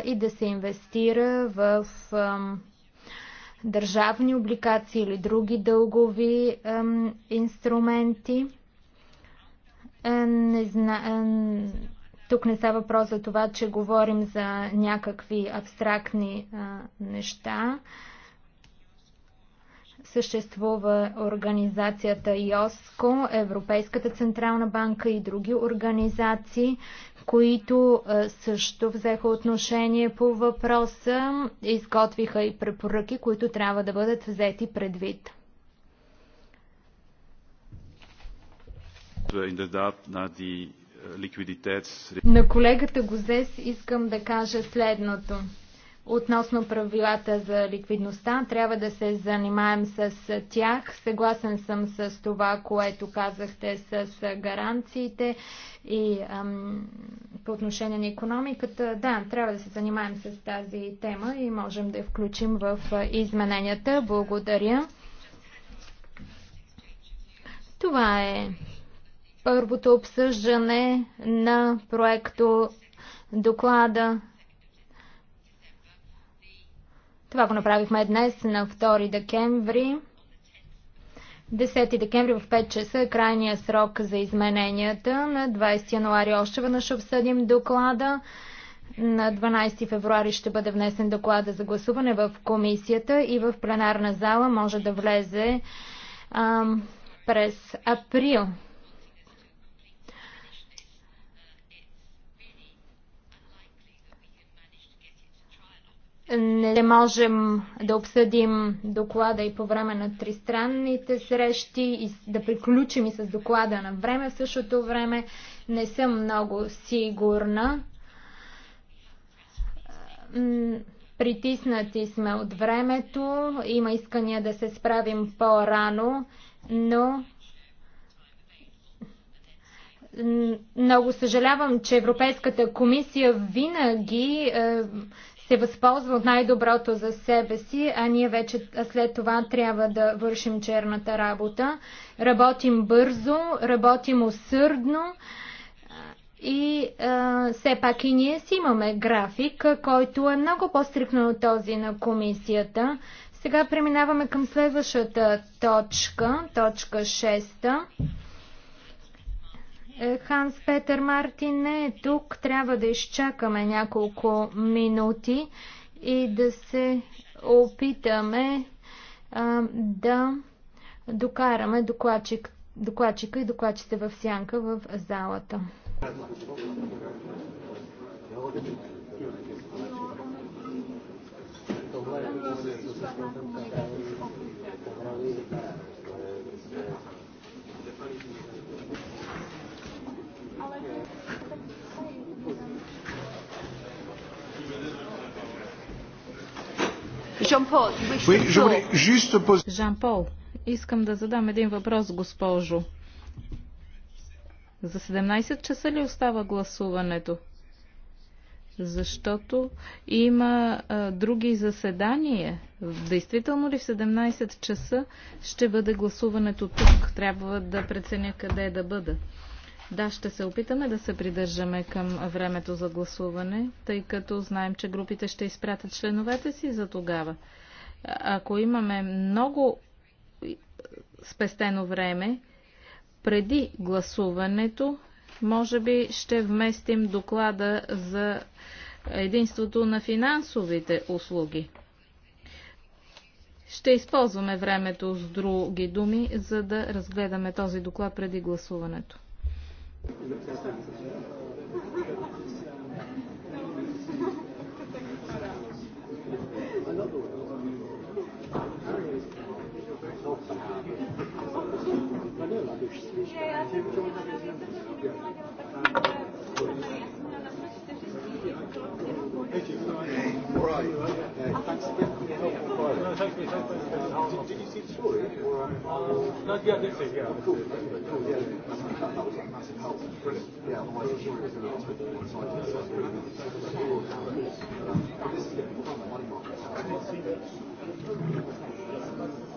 и да се инвестира в държавни обликации или други дългови инструменти. Не зна... Тук не става въпрос за това, че говорим за някакви абстрактни неща. Съществува организацията ИОСКО, Европейската централна банка и други организации, които е, също взеха отношение по въпроса, изготвиха и препоръки, които трябва да бъдат взети предвид. Е, е, на колегата Гозес искам да кажа следното. Относно правилата за ликвидността, трябва да се занимаем с тях. Съгласен съм с това, което казахте с гаранциите и ам, по отношение на економиката. Да, трябва да се занимаем с тази тема и можем да я включим в измененията. Благодаря. Това е първото обсъждане на проекто доклада това го направихме днес на 2 декември. 10 декември в 5 часа е крайния срок за измененията. На 20 януари още веднъж обсъдим доклада. На 12 февруари ще бъде внесен доклада за гласуване в комисията и в пленарна зала може да влезе ам, през април. Не можем да обсъдим доклада и по време на тристранните срещи и да приключим и с доклада на време. В същото време не съм много сигурна. Притиснати сме от времето. Има искания да се справим по-рано, но много съжалявам, че Европейската комисия винаги е, се възползва от най-доброто за себе си, а ние вече след това трябва да вършим черната работа. Работим бързо, работим усърдно и а, все пак и ние си имаме график, който е много по-стрикно от този на комисията. Сега преминаваме към следващата точка, точка 6. Е, Ханс Петър Мартин не е тук. Трябва да изчакаме няколко минути и да се опитаме а, да докараме докладчик, докладчика и докладчите в сянка в залата. Thank you. Жан-Пол, искам да задам един въпрос, госпожо. За 17 часа ли остава гласуването? Защото има а, други заседания. Действително ли в 17 часа ще бъде гласуването тук? Трябва да преценя къде да бъда. Да, ще се опитаме да се придържаме към времето за гласуване, тъй като знаем, че групите ще изпратят членовете си за тогава. Ако имаме много спестено време, преди гласуването, може би ще вместим доклада за единството на финансовите услуги. Ще използваме времето с други думи, за да разгледаме този доклад преди гласуването. Right. Did you. see the the the story story or uh yeah, yeah, yeah, yeah. Yeah, otherwise this is money market.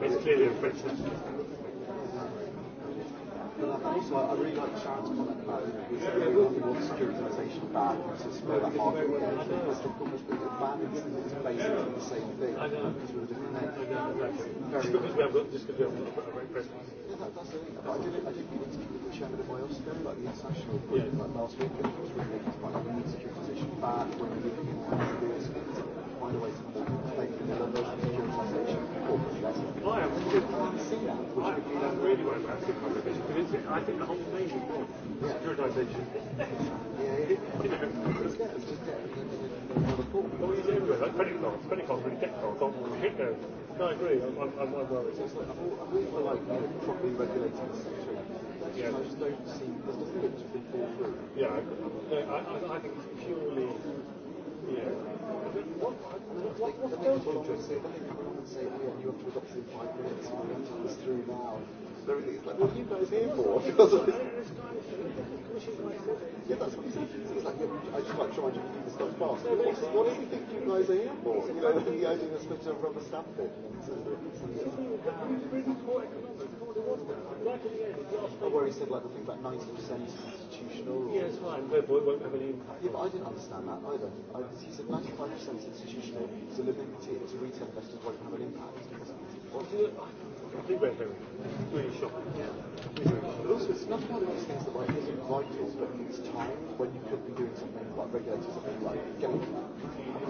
It's clearly a French But I also, I really like Sharon's comment about you want securitisation back, and so it's more that hard it's basically the same thing, because we're a different name. Very because we have got, just because we haven't got a great president. Yeah, that, that's it. But I did, I did meet with the chairman of Wales, like the international group, like last week, and it was really like, we need securitisation back, we're looking at what to do is find a way to make the level of securitisation why I wanted to see that. Which could be that really went back to conservation. Because it's, I think the whole thing is wrong. Yeah. Securitization. yeah, yeah. you know. It's there, it's just there. Well, you do everywhere. Like credit cards. Credit cards really get cards, aren't they? No, I agree. I'm, I'm, I'm worried. It's like, I've always felt like properly regulating the sector. Yeah. I just don't see, there's nothing that Yeah, I I, I, think it's purely, yeah. What, what, what, what's going say, oh to adopt it in five minutes, we're going to talk this through now. And like, what are you guys here for? yeah, that's what he said. He's like, yeah, I just like trying to keep this stuff fast. What do you think you guys are here for? You know, the idea of split a rubber stamp it. Where he said, like, I think about 90% institutional or? Yes, fine, but it won't have any impact. Yeah, but I didn't understand that either. I, he said 95% is institutional, so limiting it to retail investors won't have an impact. Well, I think we're very, really shocking. Yeah. But also, it's not one of those things that like isn't vital but needs time when you could be doing something like regulating something like getting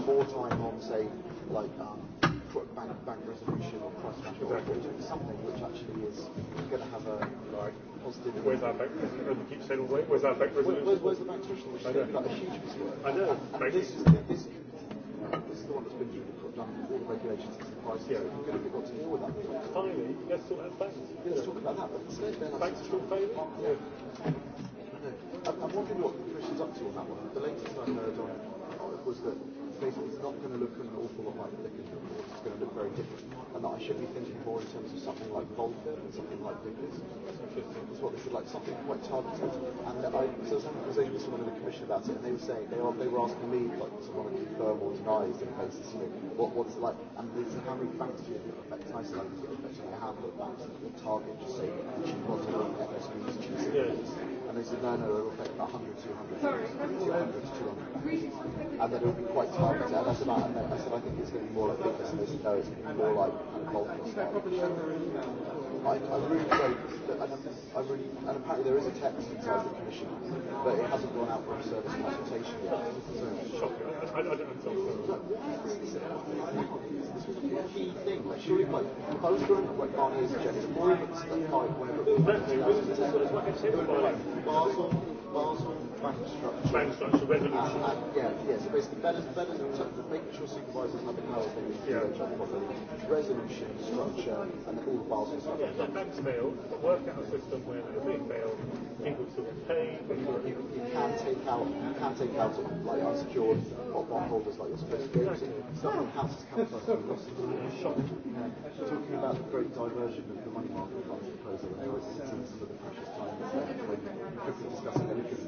more time on, say, like um, bank, bank resolution or price exactly. something which actually is going to have a like positive. Where's our bank president? And keep saying all Where's our bank president? Where, where's the bank president? I know. Like a huge I know. this, is, this, this is the one that's been keeping all the regulations and Yeah. going to to deal with that. Finally, let's talk about banks. Yeah, let's talk about that. But instead, then banks still failing. Yeah. I know. I'm wondering what the Commission's up to on that one. The latest I heard on was that face, it's not going to look an awful lot like Dickens anymore. It's going to look very different. And that I should be thinking more in terms of something like Volker and something like Dickens. That's what they said, like something quite targeted. And I, I was having a conversation with someone in the commission about it, and they were saying, they, are, they were asking me, like, to want to confirm or deny the basis of know, what, what it's like. And they said, how many banks do you think affect Iceland? And I have of banks that target, just say, choose one to look at, choose, choose, choose. And they said, no, no, they were paying 100, 200, 200, 200. And that it would be quite targeted. I said, I, I said, I think it's going to be more like fitness. And they said, no, it's going to be more like kind of bulk I, I'm really afraid that, and, I really, and apparently there is a text inside the commission, but it hasn't gone out for a service consultation yet. So, I, I don't this was a key thing. Like, surely, like, if I was growing up like Barney's agenda, more even stuff whenever it like Basel, Basel planning yeah, yeah, so but work out a system where if they people still get paid. You, you can take out, you can take out like unsecured bond holders like you're to do. Stuff like houses come to us and Talking about the great diversion of the money market funds proposal, I always seems the precious time when people discussing anything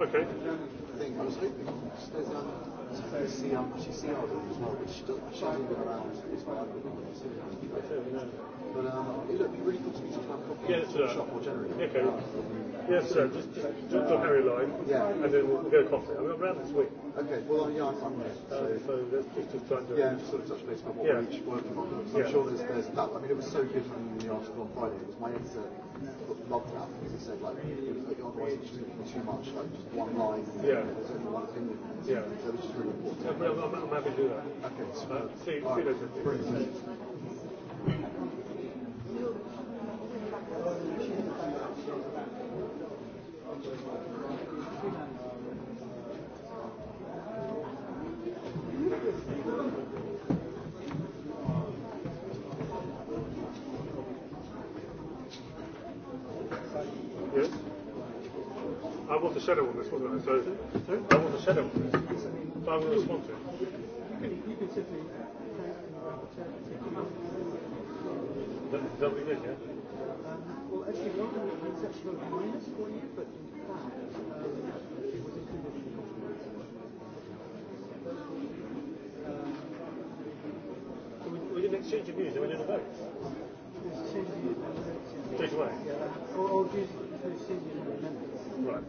Okay. But be really to yes, sir. shop more generally. Okay. Yes, sir. Just, just do the Harry line. Yeah. And then we'll get a coffee. I'm around this week. Okay. Well, yeah, I'm, I'm here. So, so let's just, just try and do Yeah, just sort of touch base on what yeah. we're each working on. I'm yeah. sure there's, there's that. I mean, it was so good in the article on Friday. It was my insert logged out because it said like otherwise it's too, too much like just one line and yeah. there's only one opinion yeah. so which is really important yeah, but I'm, I'm happy to do that okay so uh, see, all right. see you later brilliant Thank you. shareable responsibility. Sorry. Sorry? I was a was responsible. You can simply That'll be good, yeah? well, actually, one of the things minus for you, but in fact, um, it was included in the compromise. Um, we, we didn't exchange views, we didn't vote. There's a change of views. Change away? Yeah. Or, or views, there's a change of amendments. Right.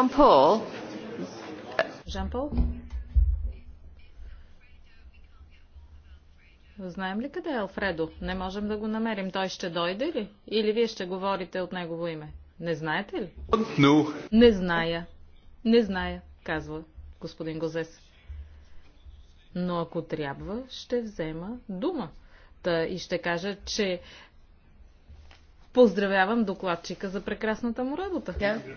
Jean Paul. Жан Пол? Знаем ли къде е Алфредо? Не можем да го намерим. Той ще дойде ли? Или вие ще говорите от негово име? Не знаете ли? No. Не зная. Не зная, казва господин Гозес. Но ако трябва, ще взема дума. Та и ще кажа, че поздравявам докладчика за прекрасната му работа. Yeah.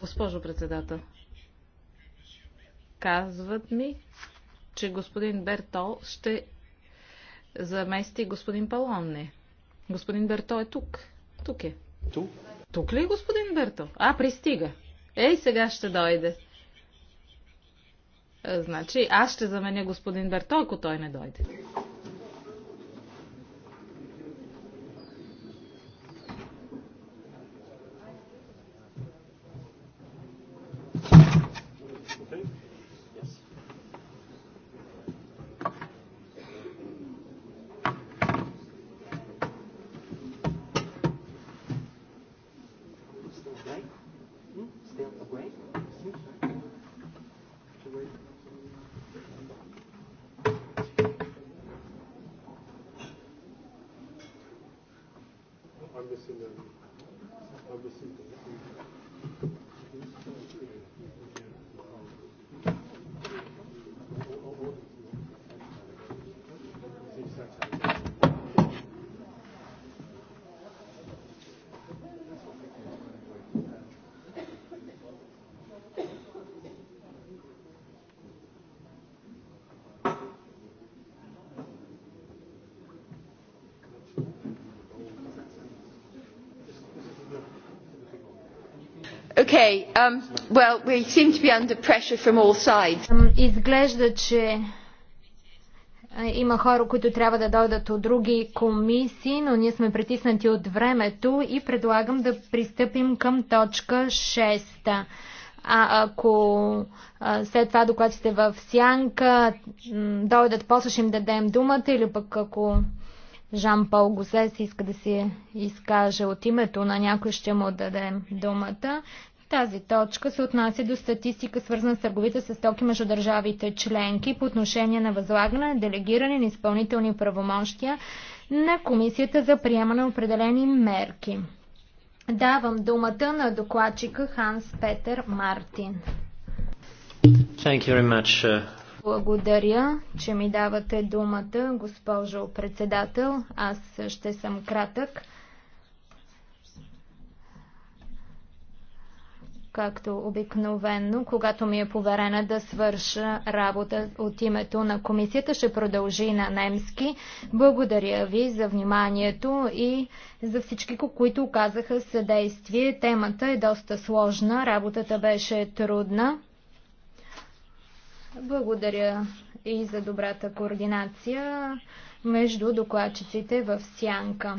Госпожо председател, казват ми, че господин Бертол ще замести господин Палонне. Господин Берто е тук. Тук е. Тук? Тук ли е господин Берто? А, пристига. Ей, сега ще дойде. Значи, аз ще заменя господин Берто, ако той не дойде. Um, изглежда, че има хора, които трябва да дойдат от други комисии, но ние сме притиснати от времето и предлагам да пристъпим към точка 6. А ако след това докладите в сянка дойдат, после ще им дадем думата или пък ако Жан-Пол Гусес иска да си изкаже от името на някой, ще му дадем думата. Тази точка се отнася до статистика, свързана с търговите с стоки между държавите членки по отношение на възлагане, делегиране на изпълнителни правомощия на Комисията за приемане на определени мерки. Давам думата на докладчика Ханс Петър Мартин. Thank you very much. Uh, Благодаря, че ми давате думата, госпожо председател. Аз ще съм кратък. както обикновено, когато ми е поверена да свърша работа от името на комисията, ще продължи на немски. Благодаря ви за вниманието и за всички, които оказаха съдействие. Темата е доста сложна, работата беше трудна. Благодаря и за добрата координация между докладчиците в Сянка.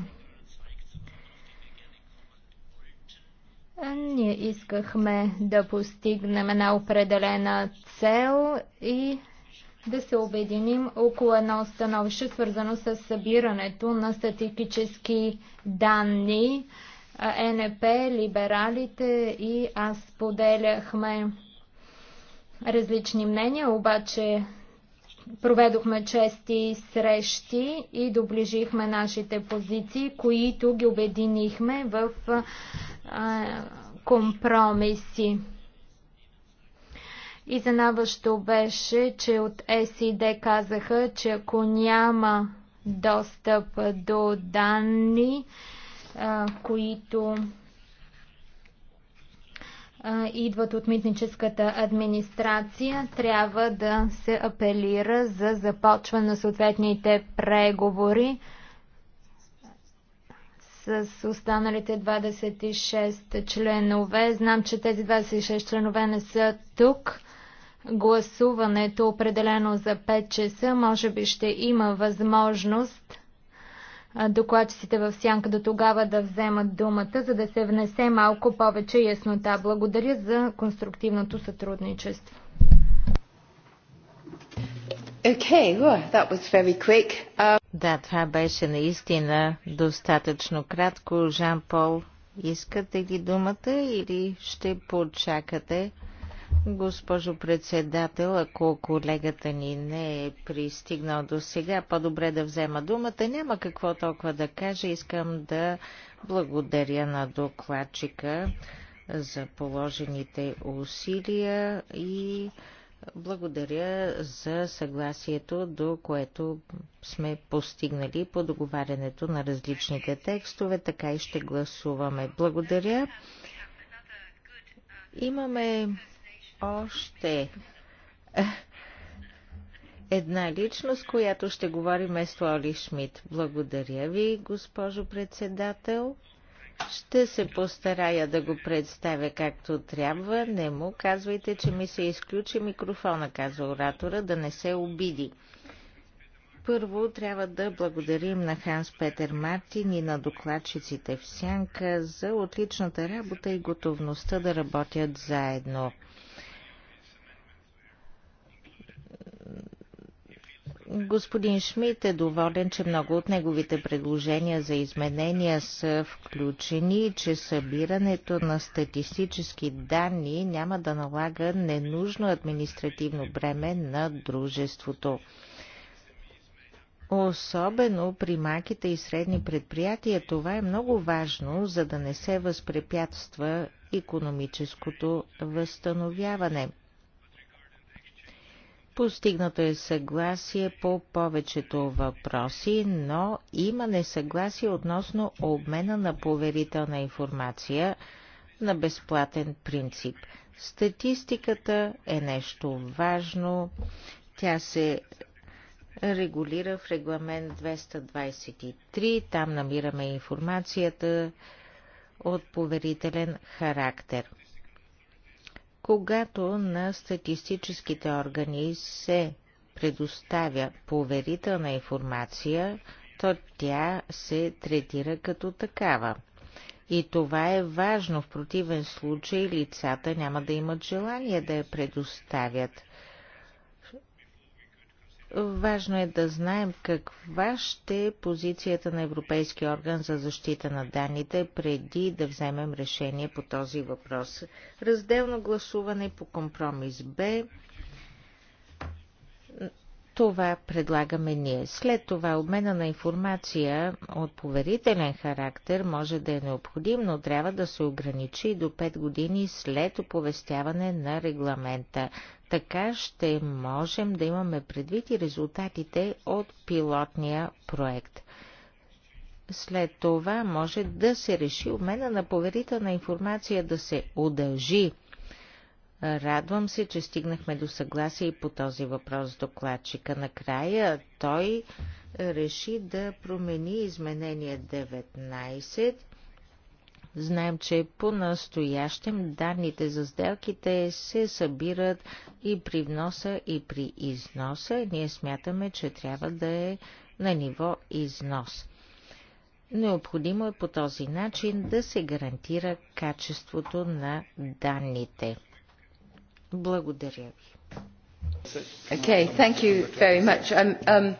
Ние искахме да постигнем една определена цел и да се обединим около едно становище, свързано с събирането на статистически данни. НП, либералите и аз поделяхме различни мнения, обаче Проведохме чести срещи и доближихме нашите позиции, които ги обединихме в компромиси. компромиси. Изненаващо беше, че от СИД казаха, че ако няма достъп до данни, които идват от митническата администрация, трябва да се апелира за започване на съответните преговори с останалите 26 членове. Знам, че тези 26 членове не са тук. Гласуването определено за 5 часа. Може би ще има възможност докладчиците в сянка до тогава да вземат думата, за да се внесе малко повече яснота. Благодаря за конструктивното сътрудничество. Okay, well, that was very quick. Uh... Да, това беше наистина достатъчно кратко. Жан Пол, искате ли думата или ще почакате? Госпожо председател, ако колегата ни не е пристигнал до сега, по-добре да взема думата. Няма какво толкова да кажа. Искам да благодаря на докладчика за положените усилия и благодаря за съгласието, до което сме постигнали по договарянето на различните текстове. Така и ще гласуваме. Благодаря. Имаме още е, една личност, която ще говори вместо Оли Шмидт. Благодаря ви, госпожо председател. Ще се постарая да го представя както трябва. Не му казвайте, че ми се изключи микрофона, казва оратора, да не се обиди. Първо трябва да благодарим на Ханс Петер Мартин и на докладчиците в Сянка за отличната работа и готовността да работят заедно. Господин Шмидт е доволен, че много от неговите предложения за изменения са включени и че събирането на статистически данни няма да налага ненужно административно бреме на дружеството. Особено при маките и средни предприятия това е много важно, за да не се възпрепятства економическото възстановяване – Постигнато е съгласие по повечето въпроси, но има несъгласие относно обмена на поверителна информация на безплатен принцип. Статистиката е нещо важно. Тя се регулира в регламент 223. Там намираме информацията от поверителен характер. Когато на статистическите органи се предоставя поверителна информация, то тя се третира като такава. И това е важно, в противен случай лицата няма да имат желание да я предоставят. Важно е да знаем каква ще е позицията на Европейския орган за защита на данните преди да вземем решение по този въпрос. Разделно гласуване по компромис Б. Това предлагаме ние. След това обмена на информация от поверителен характер може да е необходим, но трябва да се ограничи до 5 години след оповестяване на регламента. Така ще можем да имаме предвид и резултатите от пилотния проект. След това може да се реши обмена на поверителна информация да се удължи Радвам се, че стигнахме до съгласие и по този въпрос с докладчика. Накрая той реши да промени изменение 19. Знаем, че по-настоящем данните за сделките се събират и при вноса, и при износа. Ние смятаме, че трябва да е на ниво износ. Необходимо е по този начин да се гарантира качеството на данните. Благодаря ви. Okay, thank you very much. Um, um...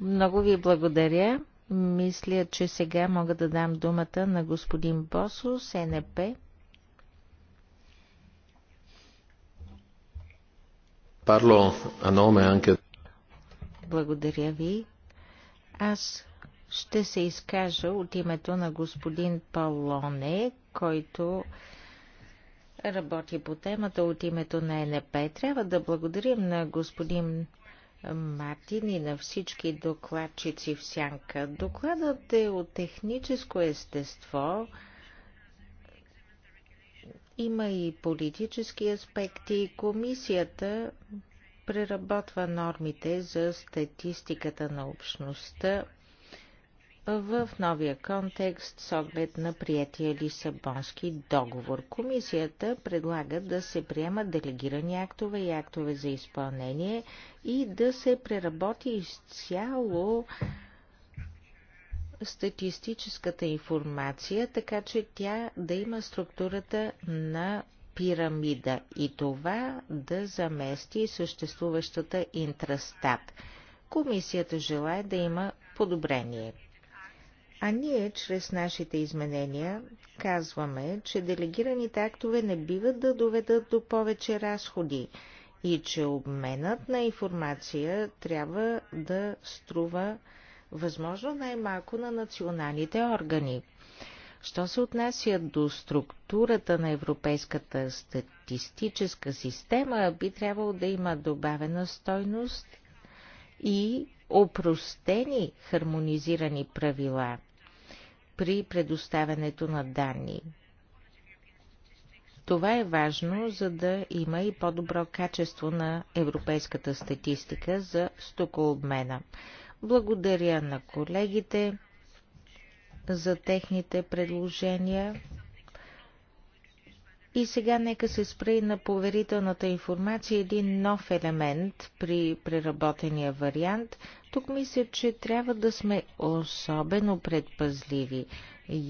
Много ви благодаря. Мисля, че сега мога да дам думата на господин Босо с НП. Парло, аноме анке. Благодаря ви. Аз ще се изкажа от името на господин Палоне, който работи по темата от името на НП. Трябва да благодарим на господин Мартин и на всички докладчици в сянка. Докладът е от техническо естество. Има и политически аспекти. Комисията преработва нормите за статистиката на общността в новия контекст с оглед на приятия Лисабонски договор. Комисията предлага да се приемат делегирани актове и актове за изпълнение и да се преработи изцяло статистическата информация, така че тя да има структурата на пирамида и това да замести съществуващата интрастат. Комисията желая да има подобрение а ние, чрез нашите изменения, казваме, че делегираните актове не биват да доведат до повече разходи и че обменът на информация трябва да струва възможно най-малко на националните органи. Що се отнася до структурата на европейската статистическа система, би трябвало да има добавена стойност и опростени хармонизирани правила – при предоставянето на данни. Това е важно, за да има и по-добро качество на европейската статистика за стокообмена. Благодаря на колегите за техните предложения. И сега нека се спре и на поверителната информация, един нов елемент при преработения вариант. Тук мисля, че трябва да сме особено предпазливи.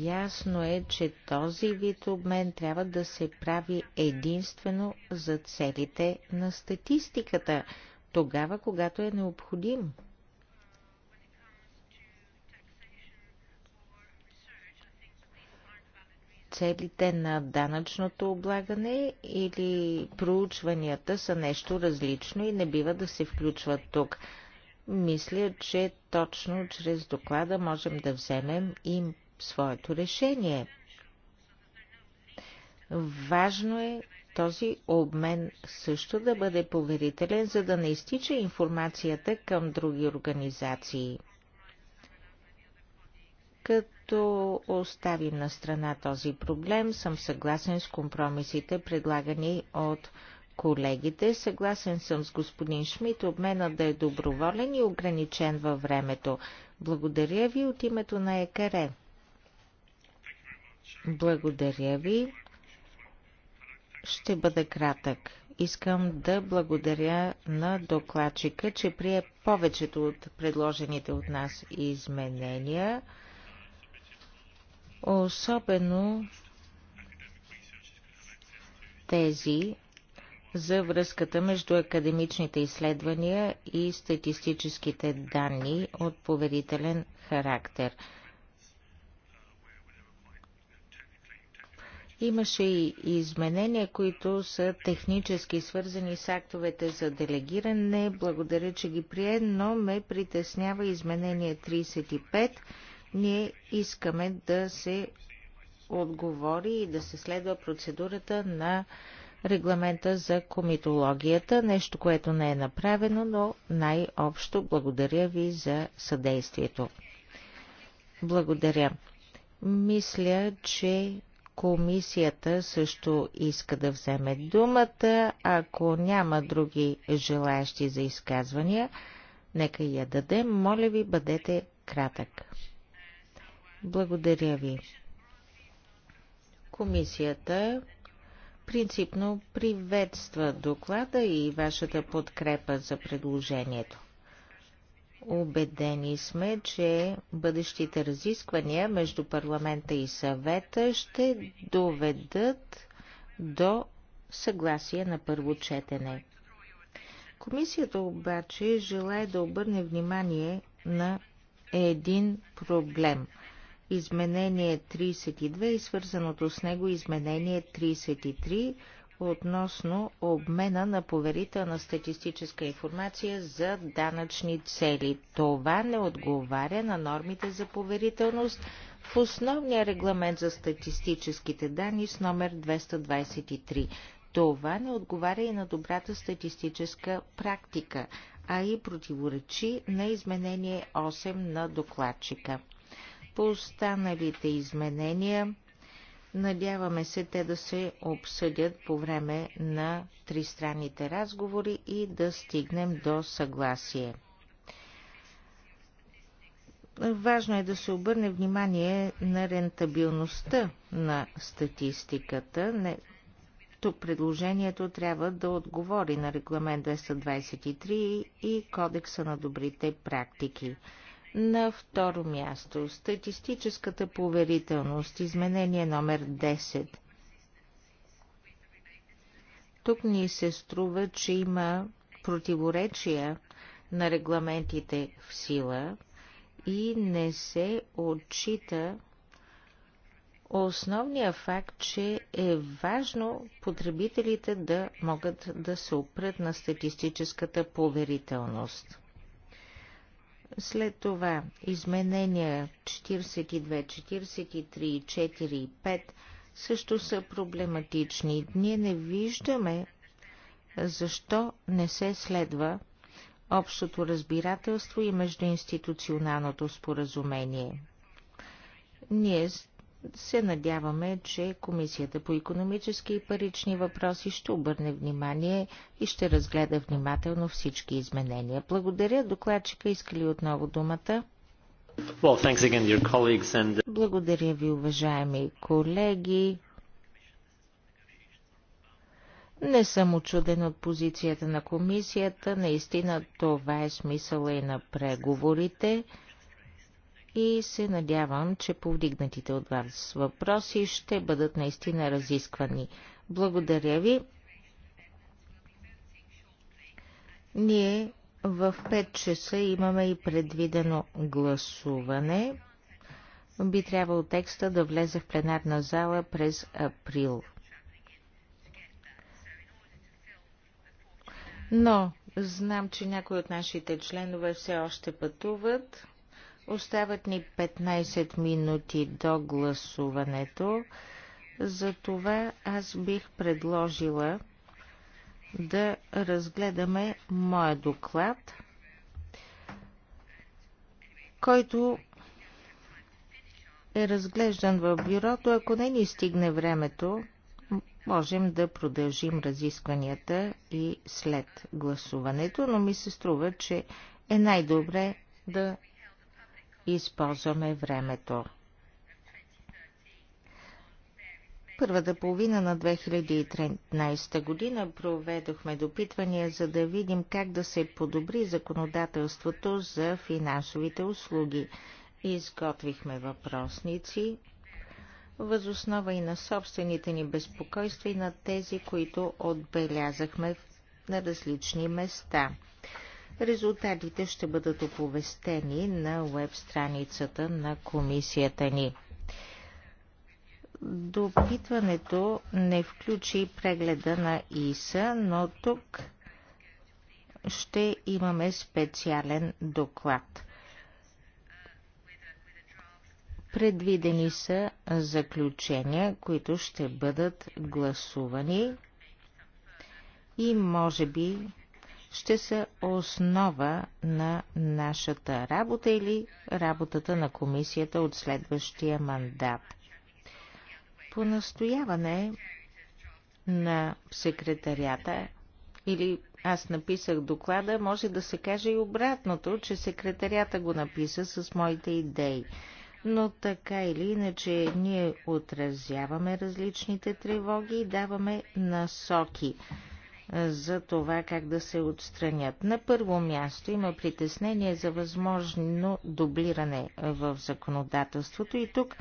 Ясно е, че този вид обмен трябва да се прави единствено за целите на статистиката, тогава, когато е необходим. целите на данъчното облагане или проучванията са нещо различно и не бива да се включват тук. Мисля, че точно чрез доклада можем да вземем им своето решение. Важно е този обмен също да бъде поверителен, за да не изтича информацията към други организации. Като оставим на страна този проблем, съм съгласен с компромисите, предлагани от колегите. Съгласен съм с господин Шмидт, обменът да е доброволен и ограничен във времето. Благодаря ви от името на ЕКР. Благодаря ви. Ще бъда кратък. Искам да благодаря на докладчика, че прие повечето от предложените от нас изменения. Особено тези, за връзката между академичните изследвания и статистическите данни от поверителен характер. Имаше и изменения, които са технически свързани с актовете за делегиране. Благодаря, че ги прие, но ме притеснява изменение 35. Ние искаме да се отговори и да се следва процедурата на регламента за комитологията, нещо, което не е направено, но най-общо благодаря ви за съдействието. Благодаря. Мисля, че комисията също иска да вземе думата. Ако няма други желаящи за изказвания, нека я дадем. Моля ви, бъдете кратък. Благодаря ви. Комисията принципно приветства доклада и вашата подкрепа за предложението. Обедени сме, че бъдещите разисквания между парламента и съвета ще доведат до съгласие на първо четене. Комисията обаче желая да обърне внимание на един проблем – изменение 32 и свързаното с него изменение 33 относно обмена на поверителна статистическа информация за данъчни цели. Това не отговаря на нормите за поверителност в основния регламент за статистическите данни с номер 223. Това не отговаря и на добрата статистическа практика, а и противоречи на изменение 8 на докладчика по останалите изменения. Надяваме се те да се обсъдят по време на тристранните разговори и да стигнем до съгласие. Важно е да се обърне внимание на рентабилността на статистиката. тук предложението трябва да отговори на регламент 223 и кодекса на добрите практики. На второ място, статистическата поверителност, изменение номер 10. Тук ни се струва, че има противоречия на регламентите в сила и не се отчита основния факт, че е важно потребителите да могат да се опрят на статистическата поверителност. След това изменения 42, 43, 4 и 5 също са проблематични. Ние не виждаме защо не се следва общото разбирателство и междуинституционалното споразумение. Ние се надяваме, че Комисията по економически и парични въпроси ще обърне внимание и ще разгледа внимателно всички изменения. Благодаря. Докладчика искали отново думата. Well, again, and... Uh, Благодаря ви, уважаеми колеги. Не съм очуден от позицията на комисията. Наистина това е смисъла и на преговорите и се надявам, че повдигнатите от вас въпроси ще бъдат наистина разисквани. Благодаря ви. Ние в 5 часа имаме и предвидено гласуване. Би трябвало текста да влезе в пленарна зала през април. Но знам, че някои от нашите членове все още пътуват. Остават ни 15 минути до гласуването. Затова аз бих предложила да разгледаме моя доклад, който е разглеждан в бюрото. Ако не ни стигне времето, можем да продължим разискванията и след гласуването, но ми се струва, че е най-добре да използваме времето. Първата половина на 2013 година проведохме допитвания, за да видим как да се подобри законодателството за финансовите услуги. Изготвихме въпросници, възоснова и на собствените ни безпокойства и на тези, които отбелязахме на различни места – Резултатите ще бъдат оповестени на веб страницата на комисията ни. Допитването не включи прегледа на ИСА, но тук ще имаме специален доклад. Предвидени са заключения, които ще бъдат гласувани и може би ще са основа на нашата работа или работата на комисията от следващия мандат. По настояване на секретарята или аз написах доклада, може да се каже и обратното, че секретарята го написа с моите идеи. Но така или иначе ние отразяваме различните тревоги и даваме насоки за това как да се отстранят. На първо място има притеснение за възможно дублиране в законодателството и тук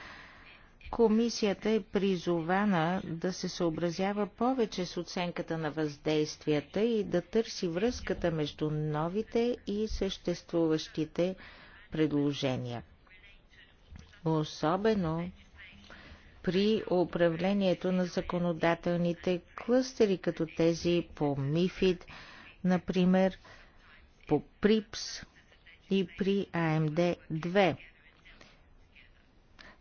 комисията е призована да се съобразява повече с оценката на въздействията и да търси връзката между новите и съществуващите предложения. Особено при управлението на законодателните клъстери, като тези по МИФИД, например, по ПРИПС и при АМД-2.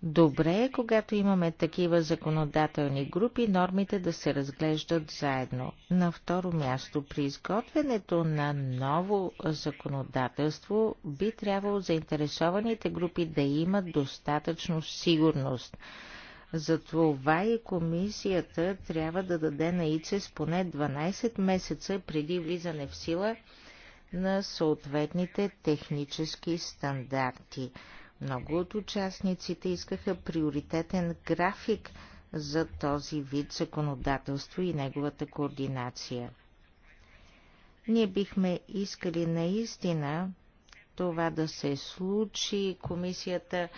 Добре е, когато имаме такива законодателни групи, нормите да се разглеждат заедно. На второ място, при изготвянето на ново законодателство би трябвало заинтересованите групи да имат достатъчно сигурност – затова и комисията трябва да даде на ИЦЕС поне 12 месеца преди влизане в сила на съответните технически стандарти. Много от участниците искаха приоритетен график за този вид законодателство и неговата координация. Ние бихме искали наистина това да се случи, комисията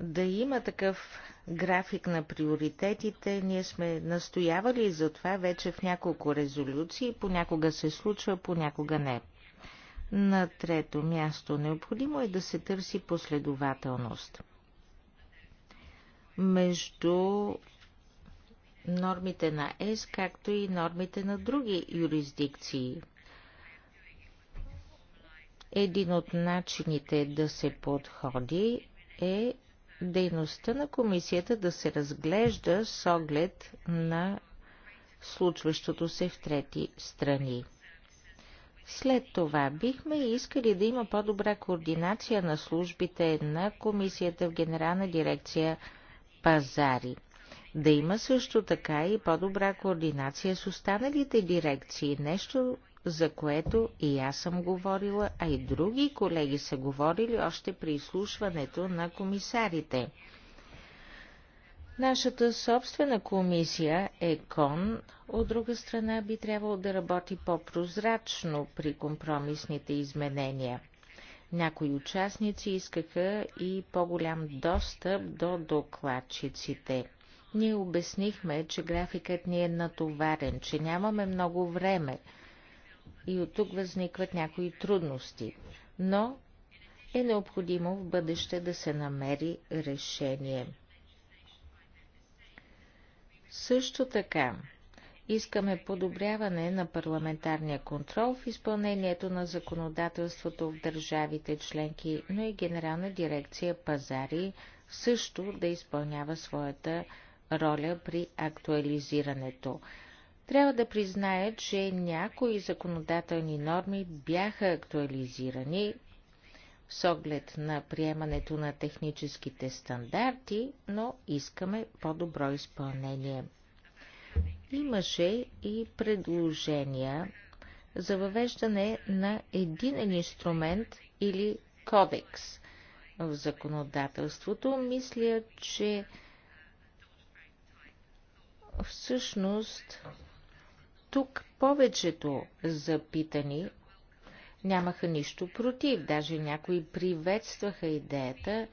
да има такъв график на приоритетите. Ние сме настоявали за това вече в няколко резолюции. Понякога се случва, понякога не. На трето място необходимо е да се търси последователност между нормите на ЕС, както и нормите на други юрисдикции. Един от начините да се подходи е дейността на комисията да се разглежда с оглед на случващото се в трети страни. След това бихме искали да има по-добра координация на службите на комисията в Генерална дирекция пазари. Да има също така и по-добра координация с останалите дирекции, нещо, за което и аз съм говорила, а и други колеги са говорили още при изслушването на комисарите. Нашата собствена комисия ЕКОН, от друга страна, би трябвало да работи по-прозрачно при компромисните изменения. Някои участници искаха и по-голям достъп до докладчиците. Ние обяснихме, че графикът ни е натоварен, че нямаме много време – и от тук възникват някои трудности, но е необходимо в бъдеще да се намери решение. Също така, искаме подобряване на парламентарния контрол в изпълнението на законодателството в държавите членки, но и Генерална дирекция пазари също да изпълнява своята роля при актуализирането. Трябва да призная, че някои законодателни норми бяха актуализирани с оглед на приемането на техническите стандарти, но искаме по-добро изпълнение. Имаше и предложения за въвеждане на един инструмент или кодекс в законодателството. Мисля, че всъщност тук повечето запитани нямаха нищо против, даже някои приветстваха идеята,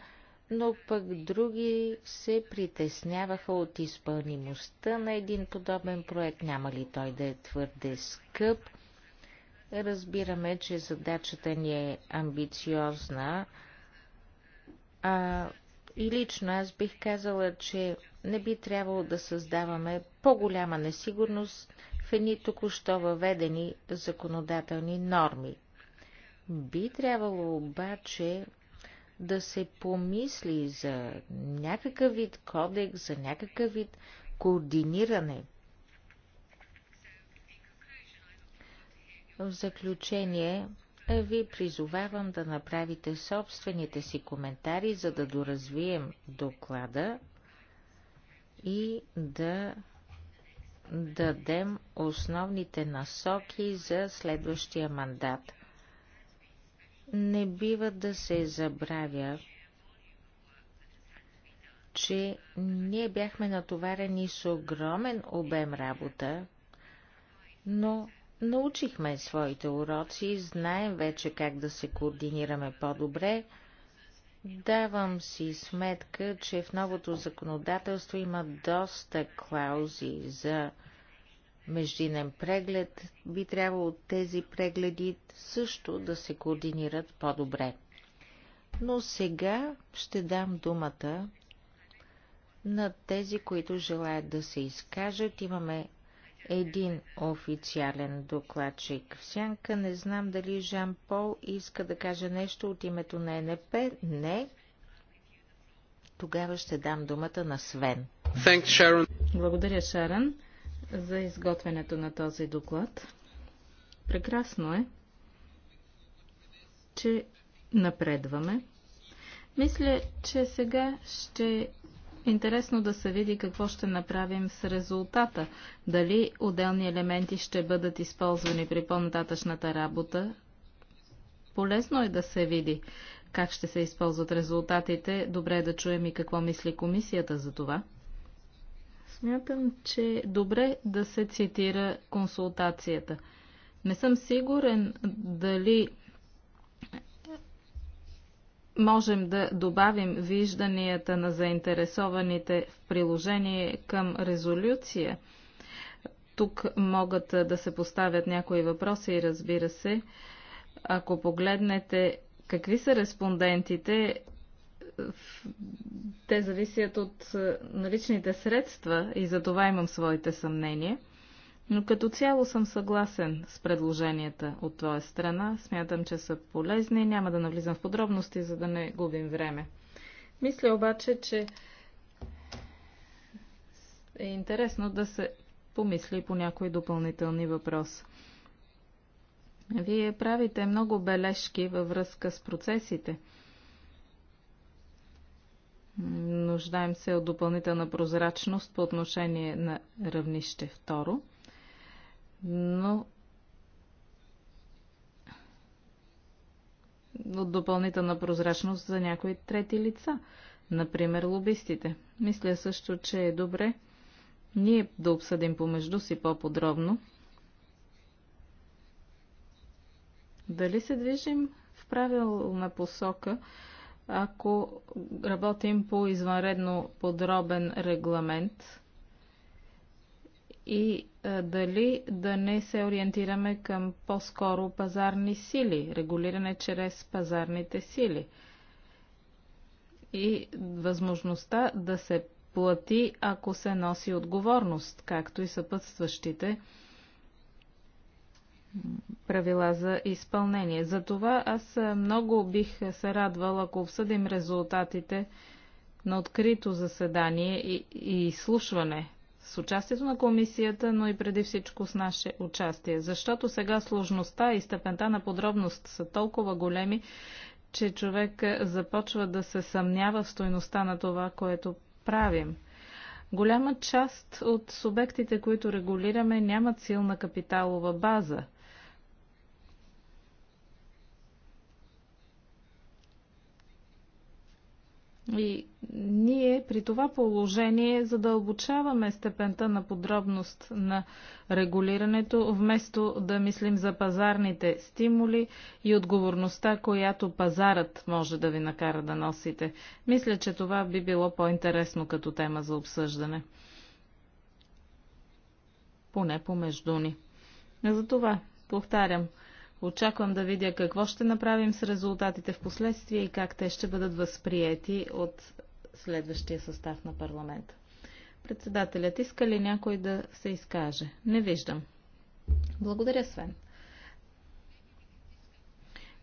но пък други се притесняваха от изпълнимостта на един подобен проект, няма ли той да е твърде скъп. Разбираме, че задачата ни е амбициозна, а и лично аз бих казала, че не би трябвало да създаваме по-голяма несигурност в едни току-що въведени законодателни норми. Би трябвало обаче да се помисли за някакъв вид кодекс, за някакъв вид координиране. В заключение ви призовавам да направите собствените си коментари, за да доразвием доклада и да дадем основните насоки за следващия мандат. Не бива да се забравя, че ние бяхме натоварени с огромен обем работа, но научихме своите уроци, знаем вече как да се координираме по-добре – Давам си сметка, че в новото законодателство има доста клаузи за междинен преглед. Би трябвало тези прегледи също да се координират по-добре. Но сега ще дам думата на тези, които желаят да се изкажат. Имаме един официален докладчик. В сянка не знам дали Жан Пол иска да каже нещо от името на НП. Не. Тогава ще дам думата на Свен. Thanks, Sharon. Благодаря, Шаран, за изготвянето на този доклад. Прекрасно е, че напредваме. Мисля, че сега ще интересно да се види какво ще направим с резултата. Дали отделни елементи ще бъдат използвани при по-нататъчната работа. Полезно е да се види как ще се използват резултатите. Добре е да чуем и какво мисли комисията за това. Смятам, че е добре да се цитира консултацията. Не съм сигурен дали можем да добавим вижданията на заинтересованите в приложение към резолюция. Тук могат да се поставят някои въпроси и разбира се, ако погледнете какви са респондентите, те зависят от наличните средства и за това имам своите съмнения. Но като цяло съм съгласен с предложенията от твоя страна. Смятам, че са полезни. Няма да навлизам в подробности, за да не губим време. Мисля обаче, че е интересно да се помисли по някои допълнителни въпроси. Вие правите много бележки във връзка с процесите. Нуждаем се от допълнителна прозрачност по отношение на равнище второ но от допълнителна прозрачност за някои трети лица, например лобистите. Мисля също, че е добре ние да обсъдим помежду си по-подробно дали се движим в правилна посока, ако работим по извънредно подробен регламент и е, дали да не се ориентираме към по-скоро пазарни сили, регулиране чрез пазарните сили и възможността да се плати, ако се носи отговорност, както и съпътстващите правила за изпълнение. Затова аз е, много бих се радвал, ако обсъдим резултатите на открито заседание и, и изслушване с участието на комисията, но и преди всичко с наше участие. Защото сега сложността и степента на подробност са толкова големи, че човек започва да се съмнява в стойността на това, което правим. Голяма част от субектите, които регулираме, нямат силна капиталова база – И ние при това положение задълбочаваме степента на подробност на регулирането, вместо да мислим за пазарните стимули и отговорността, която пазарът може да ви накара да носите. Мисля, че това би било по-интересно като тема за обсъждане. Поне помежду ни. Затова, повтарям, Очаквам да видя какво ще направим с резултатите в последствие и как те ще бъдат възприети от следващия състав на парламента. Председателят иска ли някой да се изкаже? Не виждам. Благодаря, Свен.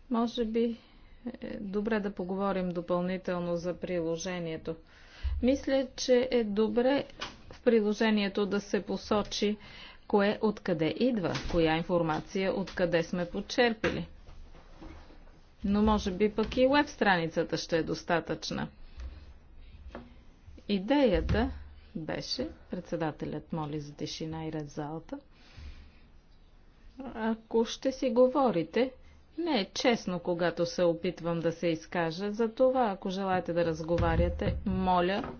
Може би е добре да поговорим допълнително за приложението. Мисля, че е добре в приложението да се посочи кое откъде идва, коя информация откъде сме подчерпили. Но може би пък и веб страницата ще е достатъчна. Идеята беше, председателят моли за тишина и ред залата, ако ще си говорите, не е честно, когато се опитвам да се изкажа, За това, ако желаете да разговаряте, моля,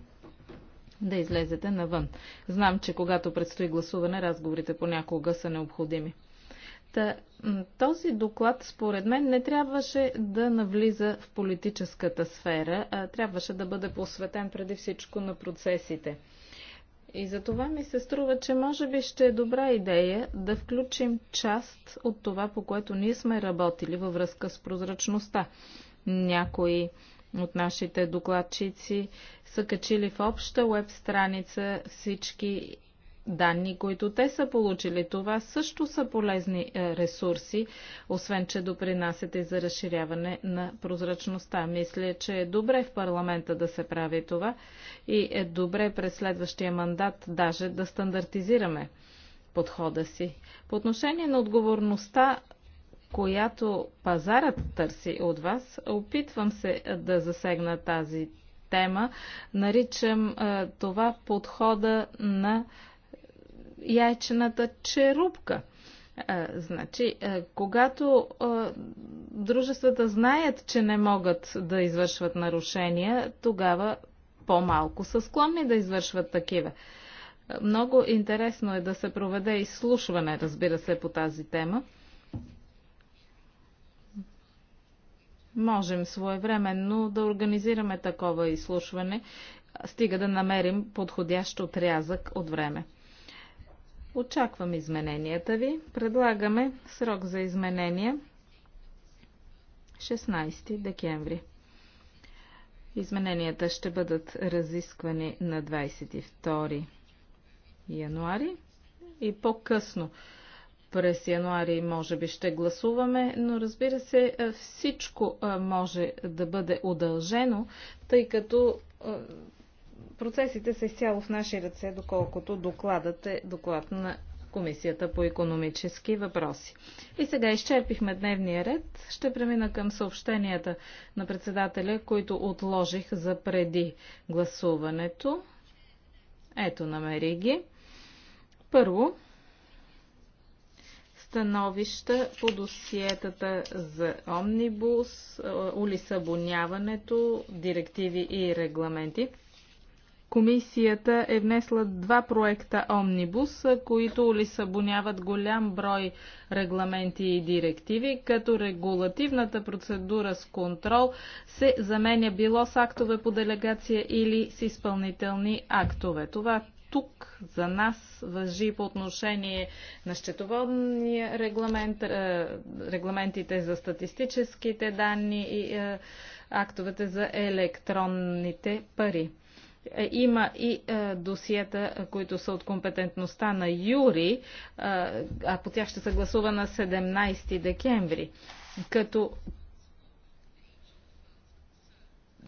да излезете навън. Знам, че когато предстои гласуване, разговорите понякога са необходими. Та, този доклад, според мен, не трябваше да навлиза в политическата сфера, а трябваше да бъде посветен преди всичко на процесите. И за това ми се струва, че може би ще е добра идея да включим част от това, по което ние сме работили във връзка с прозрачността. Някои от нашите докладчици са качили в обща веб страница всички данни, които те са получили. Това също са полезни е, ресурси, освен че допринасят и за разширяване на прозрачността. Мисля, че е добре в парламента да се прави това и е добре през следващия мандат даже да стандартизираме подхода си. По отношение на отговорността която пазарът търси от вас. Опитвам се е, да засегна тази тема. Наричам е, това подхода на яйчената черупка. Е, значи, когато дружествата знаят, че не могат да извършват нарушения, тогава по-малко са склонни да извършват такива. Много интересно е да се проведе изслушване, разбира се, по тази тема. можем своевременно да организираме такова изслушване, стига да намерим подходящ отрязък от време. Очаквам измененията ви. Предлагаме срок за изменения 16 декември. Измененията ще бъдат разисквани на 22 януари и по-късно през януари може би ще гласуваме, но разбира се, всичко може да бъде удължено, тъй като процесите са изцяло в наши ръце, доколкото докладът е доклад на Комисията по економически въпроси. И сега изчерпихме дневния ред. Ще премина към съобщенията на председателя, които отложих за преди гласуването. Ето, намери ги. Първо, становища по досиетата за омнибус, е, улисабоняването, директиви и регламенти. Комисията е внесла два проекта Омнибус, е, които улисабоняват голям брой регламенти и директиви, като регулативната процедура с контрол се заменя било с актове по делегация или с изпълнителни актове. Това тук за нас въжи по отношение на счетоводния регламент, е, регламентите за статистическите данни и е, актовете за електронните пари. Е, има и досиета, които са от компетентността на Юри, а по тях ще се гласува на 17 декември. Като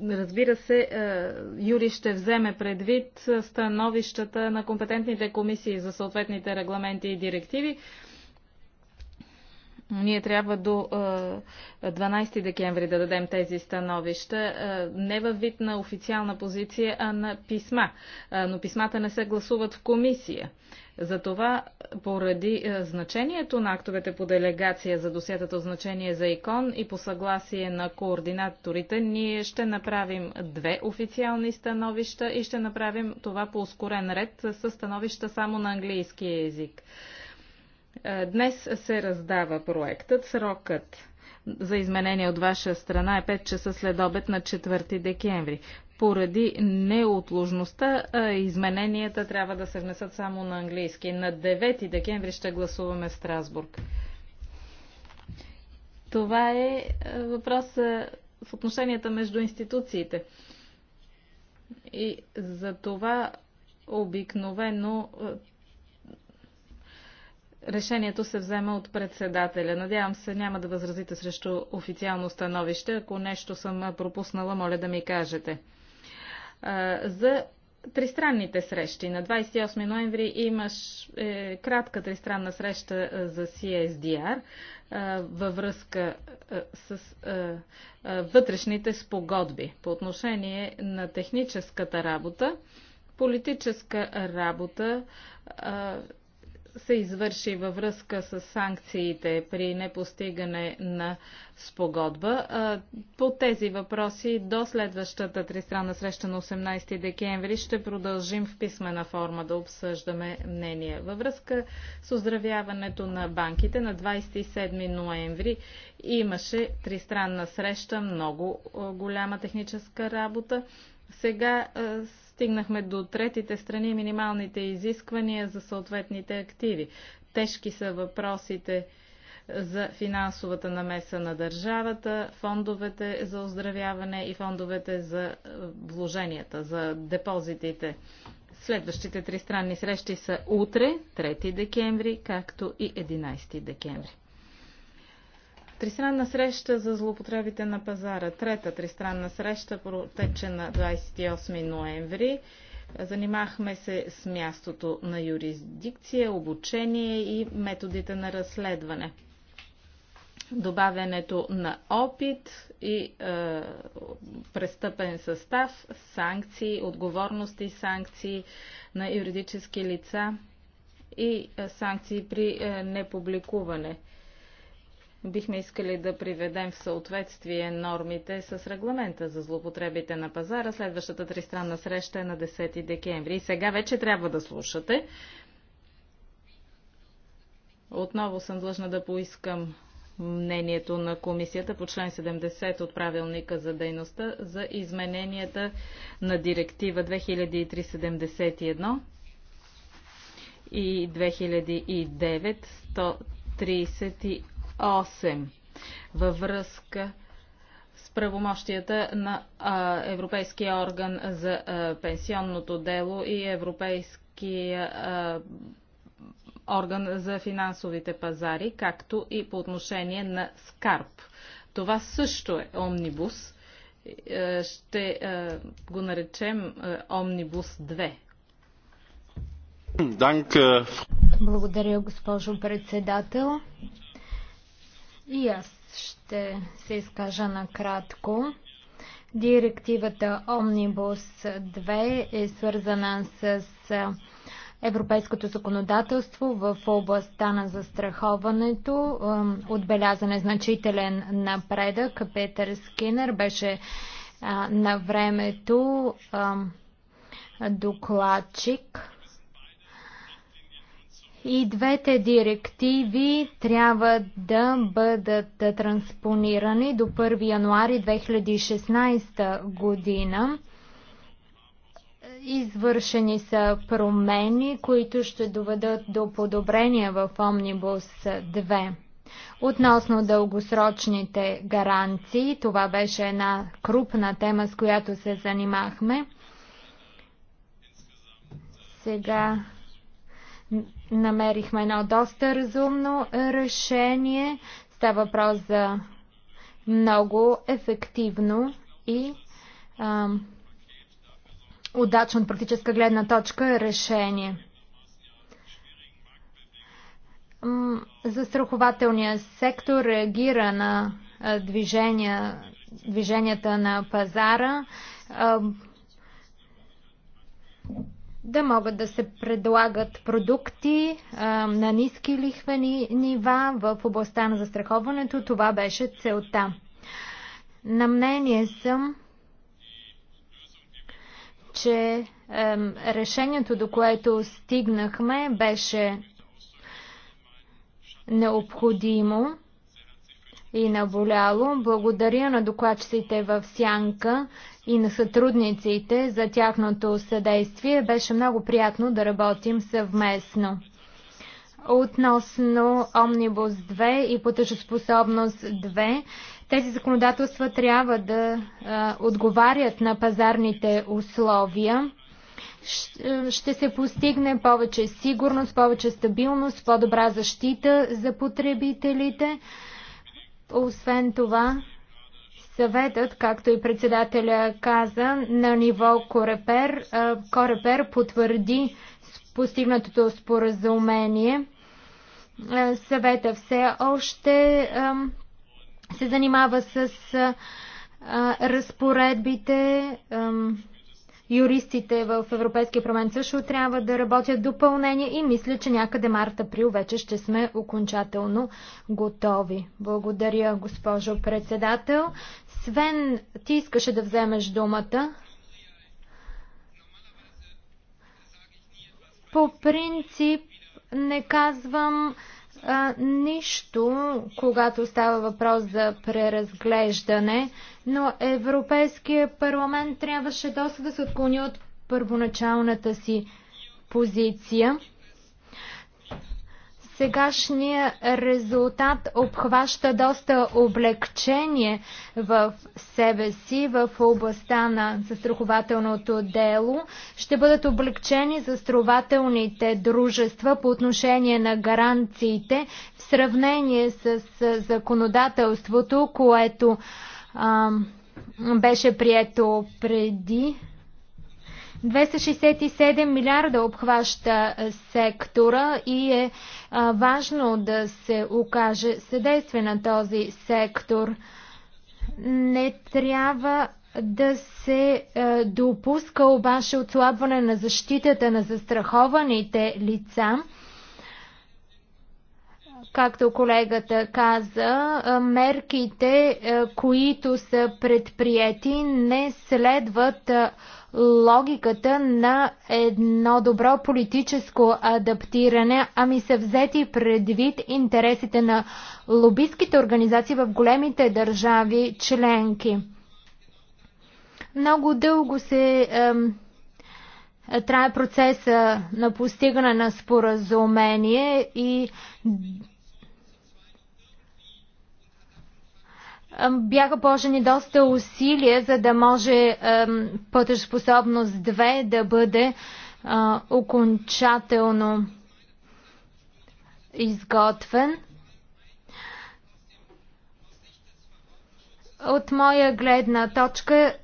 Разбира се, е, Юри ще вземе предвид становищата на компетентните комисии за съответните регламенти и директиви. Ние трябва до 12 е, декември да дадем тези становища, е, не във вид на официална позиция, а на писма. Е, но писмата не се гласуват в комисия. Затова, поради значението на актовете по делегация за досетата значение за икон и по съгласие на координаторите, ние ще направим две официални становища и ще направим това по ускорен ред с становища само на английски язик. Е, днес се раздава проектът. Срокът за изменение от ваша страна е 5 часа след обед на 4 декември. Поради неотложността е, измененията трябва да се внесат само на английски. На 9 декември ще гласуваме в Страсбург. Това е, е въпрос в отношенията между институциите. И за това обикновено Решението се взема от председателя. Надявам се, няма да възразите срещу официално становище. Ако нещо съм пропуснала, моля да ми кажете. За тристранните срещи. На 28 ноември имаш е, кратка тристранна среща за CSDR е, във връзка е, с е, е, вътрешните спогодби по отношение на техническата работа. Политическа работа е, се извърши във връзка с санкциите при непостигане на спогодба. По тези въпроси до следващата тристранна среща на 18 декември ще продължим в писмена форма да обсъждаме мнение. Във връзка с оздравяването на банките на 27 ноември имаше тристранна среща, много голяма техническа работа. Сега стигнахме до третите страни минималните изисквания за съответните активи. Тежки са въпросите за финансовата намеса на държавата, фондовете за оздравяване и фондовете за вложенията, за депозитите. Следващите три странни срещи са утре, 3 декември, както и 11 декември. Тристранна среща за злоупотребите на пазара. Трета тристранна среща протече на 28 ноември. Занимахме се с мястото на юрисдикция, обучение и методите на разследване. Добавянето на опит и е, престъпен състав, санкции, отговорности, санкции на юридически лица и е, санкции при е, непубликуване бихме искали да приведем в съответствие нормите с регламента за злоупотребите на пазара. Следващата тристранна среща е на 10 декември. И сега вече трябва да слушате. Отново съм длъжна да поискам мнението на комисията по член 70 от правилника за дейността за измененията на директива 2371 и 2009 138 8 във връзка с правомощията на а, Европейския орган за а, пенсионното дело и Европейския орган за финансовите пазари, както и по отношение на СКАРП. Това също е омнибус. Е, ще е, го наречем е, омнибус 2. Благодаря, госпожо председател. И аз ще се изкажа накратко. Директивата Омнибус 2 е свързана с европейското законодателство в областта на застраховането. Отбелязан е значителен напредък. Петър Скинер беше на времето докладчик и двете директиви трябва да бъдат транспонирани до 1 януари 2016 година. Извършени са промени, които ще доведат до подобрения в Омнибус 2. Относно дългосрочните гаранции, това беше една крупна тема, с която се занимахме. Сега намерихме едно доста разумно решение. Става въпрос за много ефективно и ам, удачно от практическа гледна точка решение. Застрахователният сектор реагира на движения, движенията на пазара. Ам, да могат да се предлагат продукти а, на ниски лихвени нива в областта на застраховането. Това беше целта. На мнение съм, че решението, до което стигнахме, беше необходимо и наболяло. Благодаря на докладчиците в Сянка и на сътрудниците за тяхното съдействие. Беше много приятно да работим съвместно. Относно Омнибус 2 и платежоспособност 2, тези законодателства трябва да а, отговарят на пазарните условия. ще се постигне повече сигурност, повече стабилност, по-добра защита за потребителите. Освен това, Съветът, както и председателя каза, на ниво Корепер, Корепер потвърди постигнатото споразумение. Съвета все още се занимава с разпоредбите юристите в Европейския парламент също трябва да работят допълнение и мисля, че някъде март-април вече ще сме окончателно готови. Благодаря, госпожо председател. Свен, ти искаше да вземеш думата. По принцип не казвам а, нищо, когато става въпрос за преразглеждане, но Европейския парламент трябваше доста да се отклони от първоначалната си позиция. Сегашният резултат обхваща доста облегчение в себе си в областта на застрахователното дело. Ще бъдат облегчени застрахователните дружества по отношение на гаранциите в сравнение с законодателството, което а, беше прието преди 267 милиарда обхваща е, сектора и е, е важно да се окаже съдействие на този сектор. Не трябва да се е, допуска обаче отслабване на защитата на застрахованите лица. Както колегата каза, мерките, които са предприяти, не следват логиката на едно добро политическо адаптиране, а ми са взети предвид интересите на лобистските организации в големите държави членки. Много дълго се ем, трае процеса на постигане на споразумение и бяха положени доста усилия, за да може пътеспособност 2 да бъде окончателно изготвен. От моя гледна точка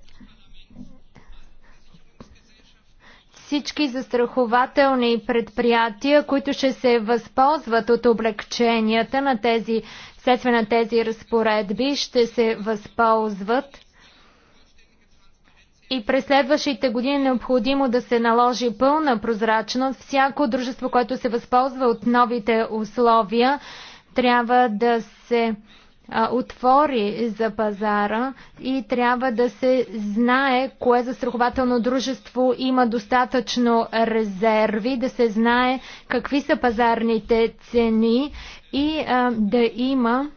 всички застрахователни предприятия, които ще се възползват от облегченията на тези Следствие на тези разпоредби ще се възползват и през следващите години е необходимо да се наложи пълна прозрачност. Всяко дружество, което се възползва от новите условия, трябва да се отвори за пазара и трябва да се знае кое застрахователно дружество има достатъчно резерви, да се знае какви са пазарните цени и а, да има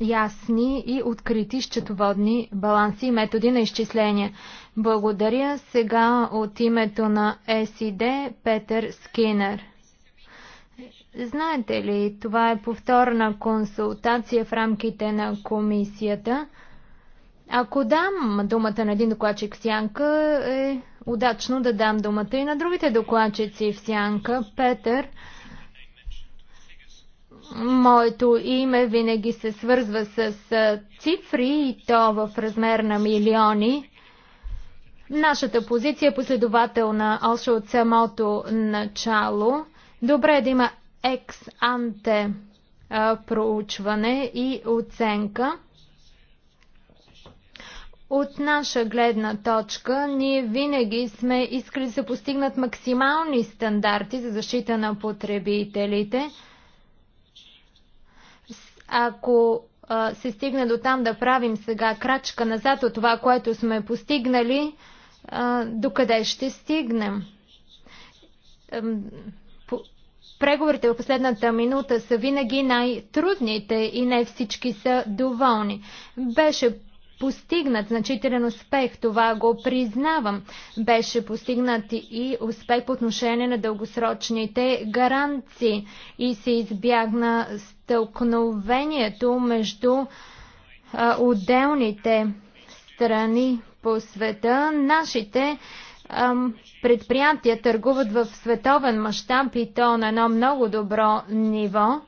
ясни и открити счетоводни баланси и методи на изчисление. Благодаря сега от името на SID Петър Скинер. Знаете ли, това е повторна консултация в рамките на комисията. Ако дам думата на един докладчик в сянка, е удачно да дам думата и на другите докладчици в сянка. Петър, моето име винаги се свързва с цифри и то в размер на милиони. Нашата позиция е последователна още от самото начало – Добре е да има екс-анте проучване и оценка. От наша гледна точка, ние винаги сме искали да се постигнат максимални стандарти за защита на потребителите. Ако се стигне до там да правим сега крачка назад от това, което сме постигнали, докъде ще стигнем? Преговорите в последната минута са винаги най-трудните и не всички са доволни. Беше постигнат значителен успех, това го признавам. Беше постигнат и успех по отношение на дългосрочните гаранции и се избягна стълкновението между а, отделните страни по света. Нашите предприятия търгуват в световен мащаб и то на едно много добро ниво.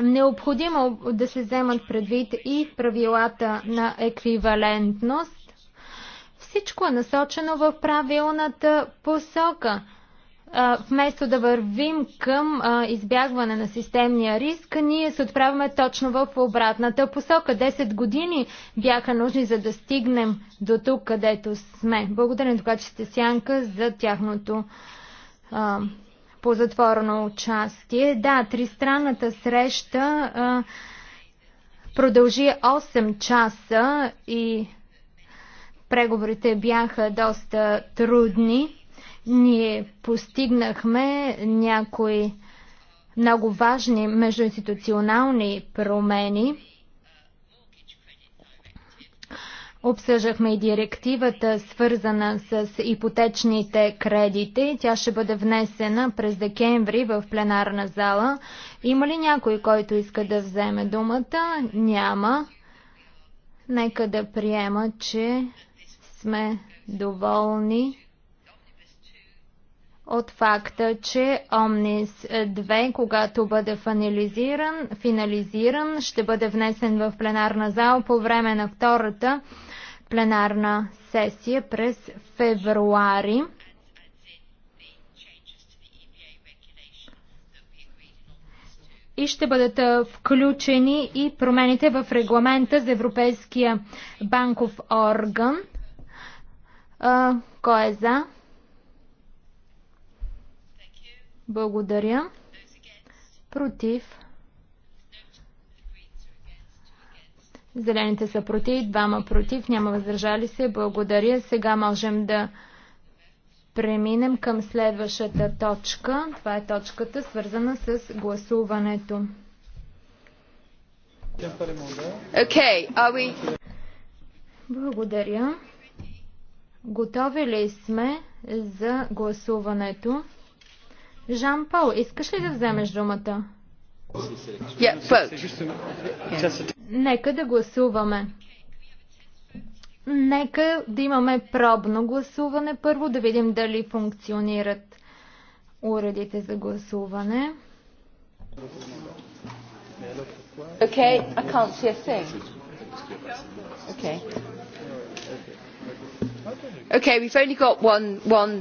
Необходимо да се вземат предвид и правилата на еквивалентност. Всичко е насочено в правилната посока – вместо да вървим към избягване на системния риск, ние се отправяме точно в обратната посока. 10 години бяха нужни, за да стигнем до тук, където сме. Благодаря на докачите Сянка за тяхното а, позатворно участие. Да, тристранната среща а, продължи 8 часа и преговорите бяха доста трудни. Ние постигнахме някои много важни междуинституционални промени. Обсъждахме и директивата, свързана с ипотечните кредити. Тя ще бъде внесена през декември в пленарна зала. Има ли някой, който иска да вземе думата? Няма. Нека да приема, че сме доволни от факта, че Омнис 2, когато бъде финализиран, финализиран, ще бъде внесен в пленарна зал по време на втората пленарна сесия през февруари. и ще бъдат включени и промените в регламента за Европейския банков орган. Кой е за? Благодаря. Против. Зелените са против, двама против, няма въздържали се. Благодаря. Сега можем да преминем към следващата точка. Това е точката, свързана с гласуването. Okay, are we... Благодаря. Готови ли сме за гласуването? Жан Пол, искаш ли да вземеш думата? Нека да гласуваме. Нека да имаме пробно гласуване. Първо да видим дали функционират уредите за гласуване. Okay, I can't see a thing. Okay. Okay, we've only got one, one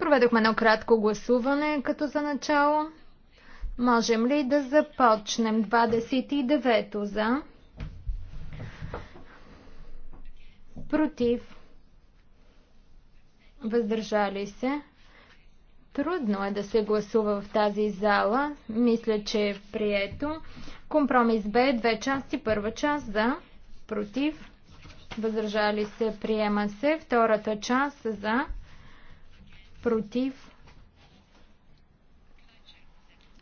Проведохме едно кратко гласуване като за начало. Можем ли да започнем 29-то за? Против. Въздържали се. Трудно е да се гласува в тази зала. Мисля, че е прието. Компромис Б, две части. Първа част за, против, въздържали се, приема се. Втората част за, против.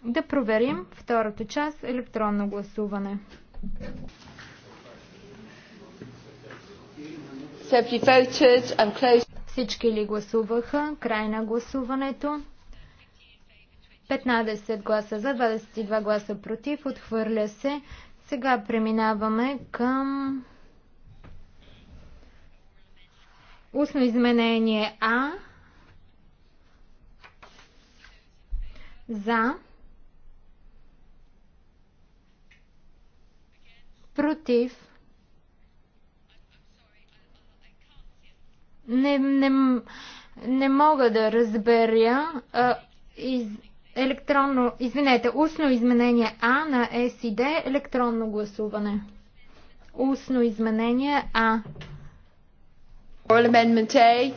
Да проверим втората част електронно гласуване. Всички ли гласуваха? Край на гласуването. 15 гласа за, 22 гласа против. Отхвърля се. Сега преминаваме към устно изменение А За. Против. Не, не, не мога да разберя. А, из, електронно, извинете, устно изменение А на е СИД, електронно гласуване. Устно изменение А. Oral amendment A.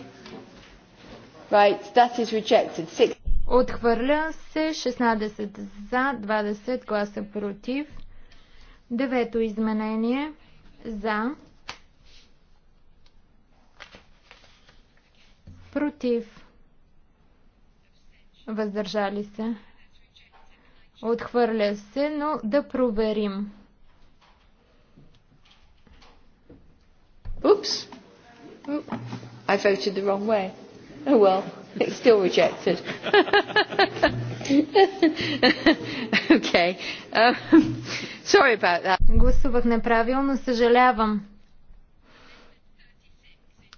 Right, that is rejected. Six. Отхвърля се 16 за, 20 гласа против. Девето изменение за. Против. Въздържали се. Отхвърля се, но да проверим. Oops. I voted the wrong way. Oh *laughs* well, it's still rejected. *laughs* okay. Um, sorry about that. Гласувах неправилно, съжалявам.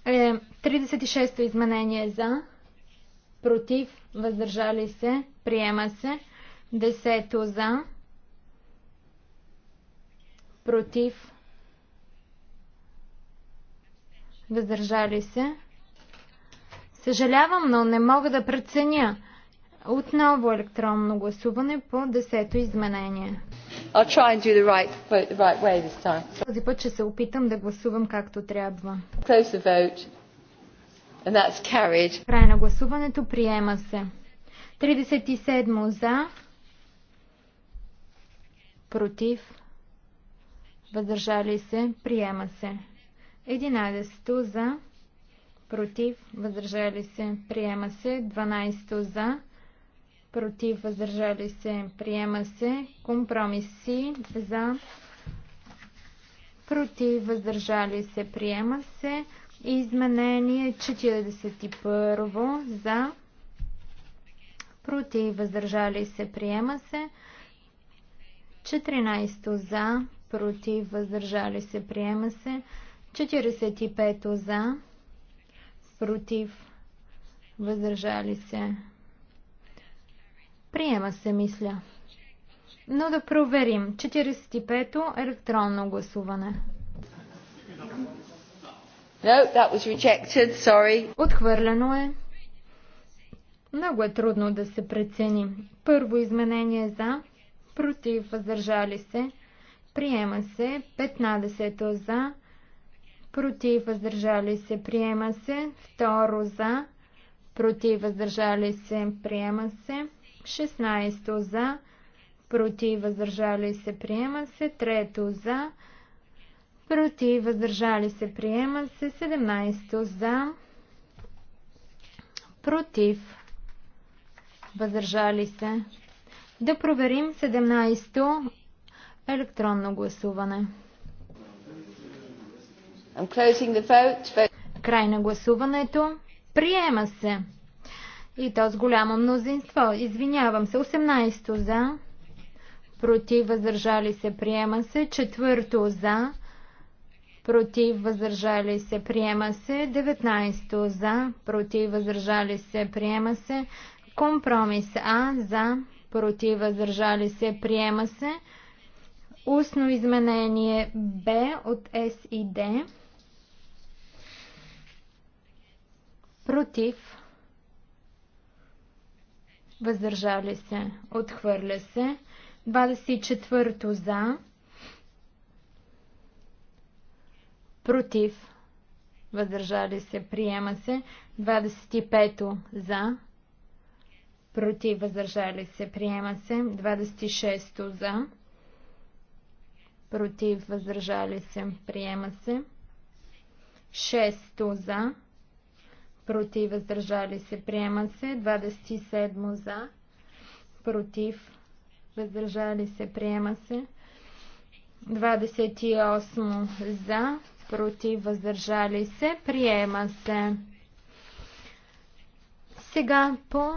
Е, 36-то изменение е за, против, въздържали се, приема се. Десето за, против, въздържали се. Съжалявам, но не мога да преценя. Отново електронно гласуване по 10-то изменение. Right, right Този път ще се опитам да гласувам както трябва. Край на гласуването приема се. 37 за, против, въздържали се, приема се. 11 за, против, въздържали се, приема се. 12 за, против, въздържали се, приема се. Компромиси за, против, въздържали се, приема се. Изменение 41 за, против, въздържали се, приема се. 14 за, против, въздържали се, приема се. 45 за, против, въздържали се. Приема се, мисля. Но да проверим. 45-то електронно гласуване. No, that was rejected, sorry. Отхвърлено е. Много е трудно да се прецени. Първо изменение за, против, въздържали се. Приема се 15 за, против, въздържали се, приема се. Второ за, против, въздържали се, приема се. 16 за, против, въздържали се, приема се. Трето за, против, въздържали се, приема се. 17 за, против, въздържали се. Да проверим 17 електронно гласуване. Край на гласуването. Приема се. И то с голямо мнозинство. Извинявам се. 18 за. Против въздържали се. Приема се. Четвърто за. Против въздържали се. Приема се. 19 за. Против въздържали се. Приема се. Компромис А за. Против въздържали се. Приема се. Устно изменение Б от С и Д. против, въздържали се, отхвърля се. 24 за, против, въздържали се, приема се. 25 за, против, въздържали се, приема се. 26 за, против, въздържали се, приема се. 6 то за, против, въздържали се, приема се. 27 за, против, въздържали се, приема се. 28 за, против, въздържали се, приема се. Сега по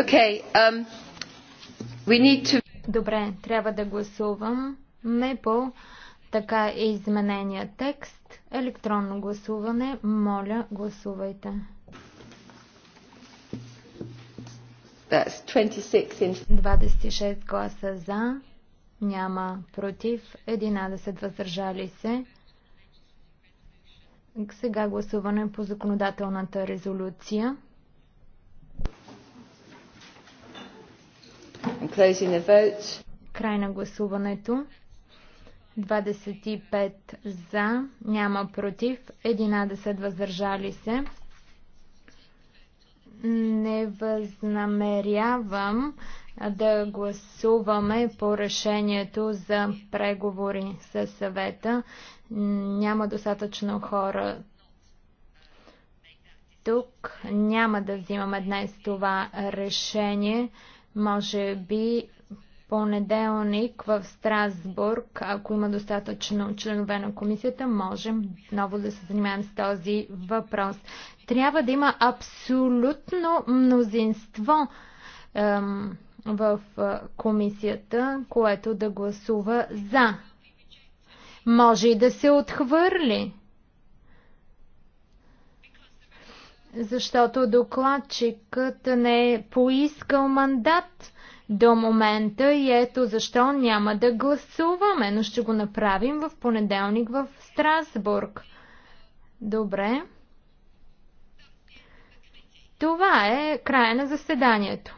Okay, um, we need to... Добре, трябва да гласуваме по така е изменения текст. Електронно гласуване. Моля, гласувайте. That's 26, in... 26 гласа за, няма против, 11 въздържали се. Сега гласуване по законодателната резолюция. Край на гласуването. 25 за, няма против, 11 въздържали се. Не възнамерявам да гласуваме по решението за преговори с съвета. Няма достатъчно хора тук. Няма да взимаме днес това решение. Може би понеделник в Страсбург, ако има достатъчно членове на комисията, можем много да се занимаем с този въпрос. Трябва да има абсолютно мнозинство ем, в е, комисията, което да гласува за. Може и да се отхвърли. защото докладчикът не е поискал мандат до момента и ето защо няма да гласуваме, но ще го направим в понеделник в Страсбург. Добре. Това е края на заседанието.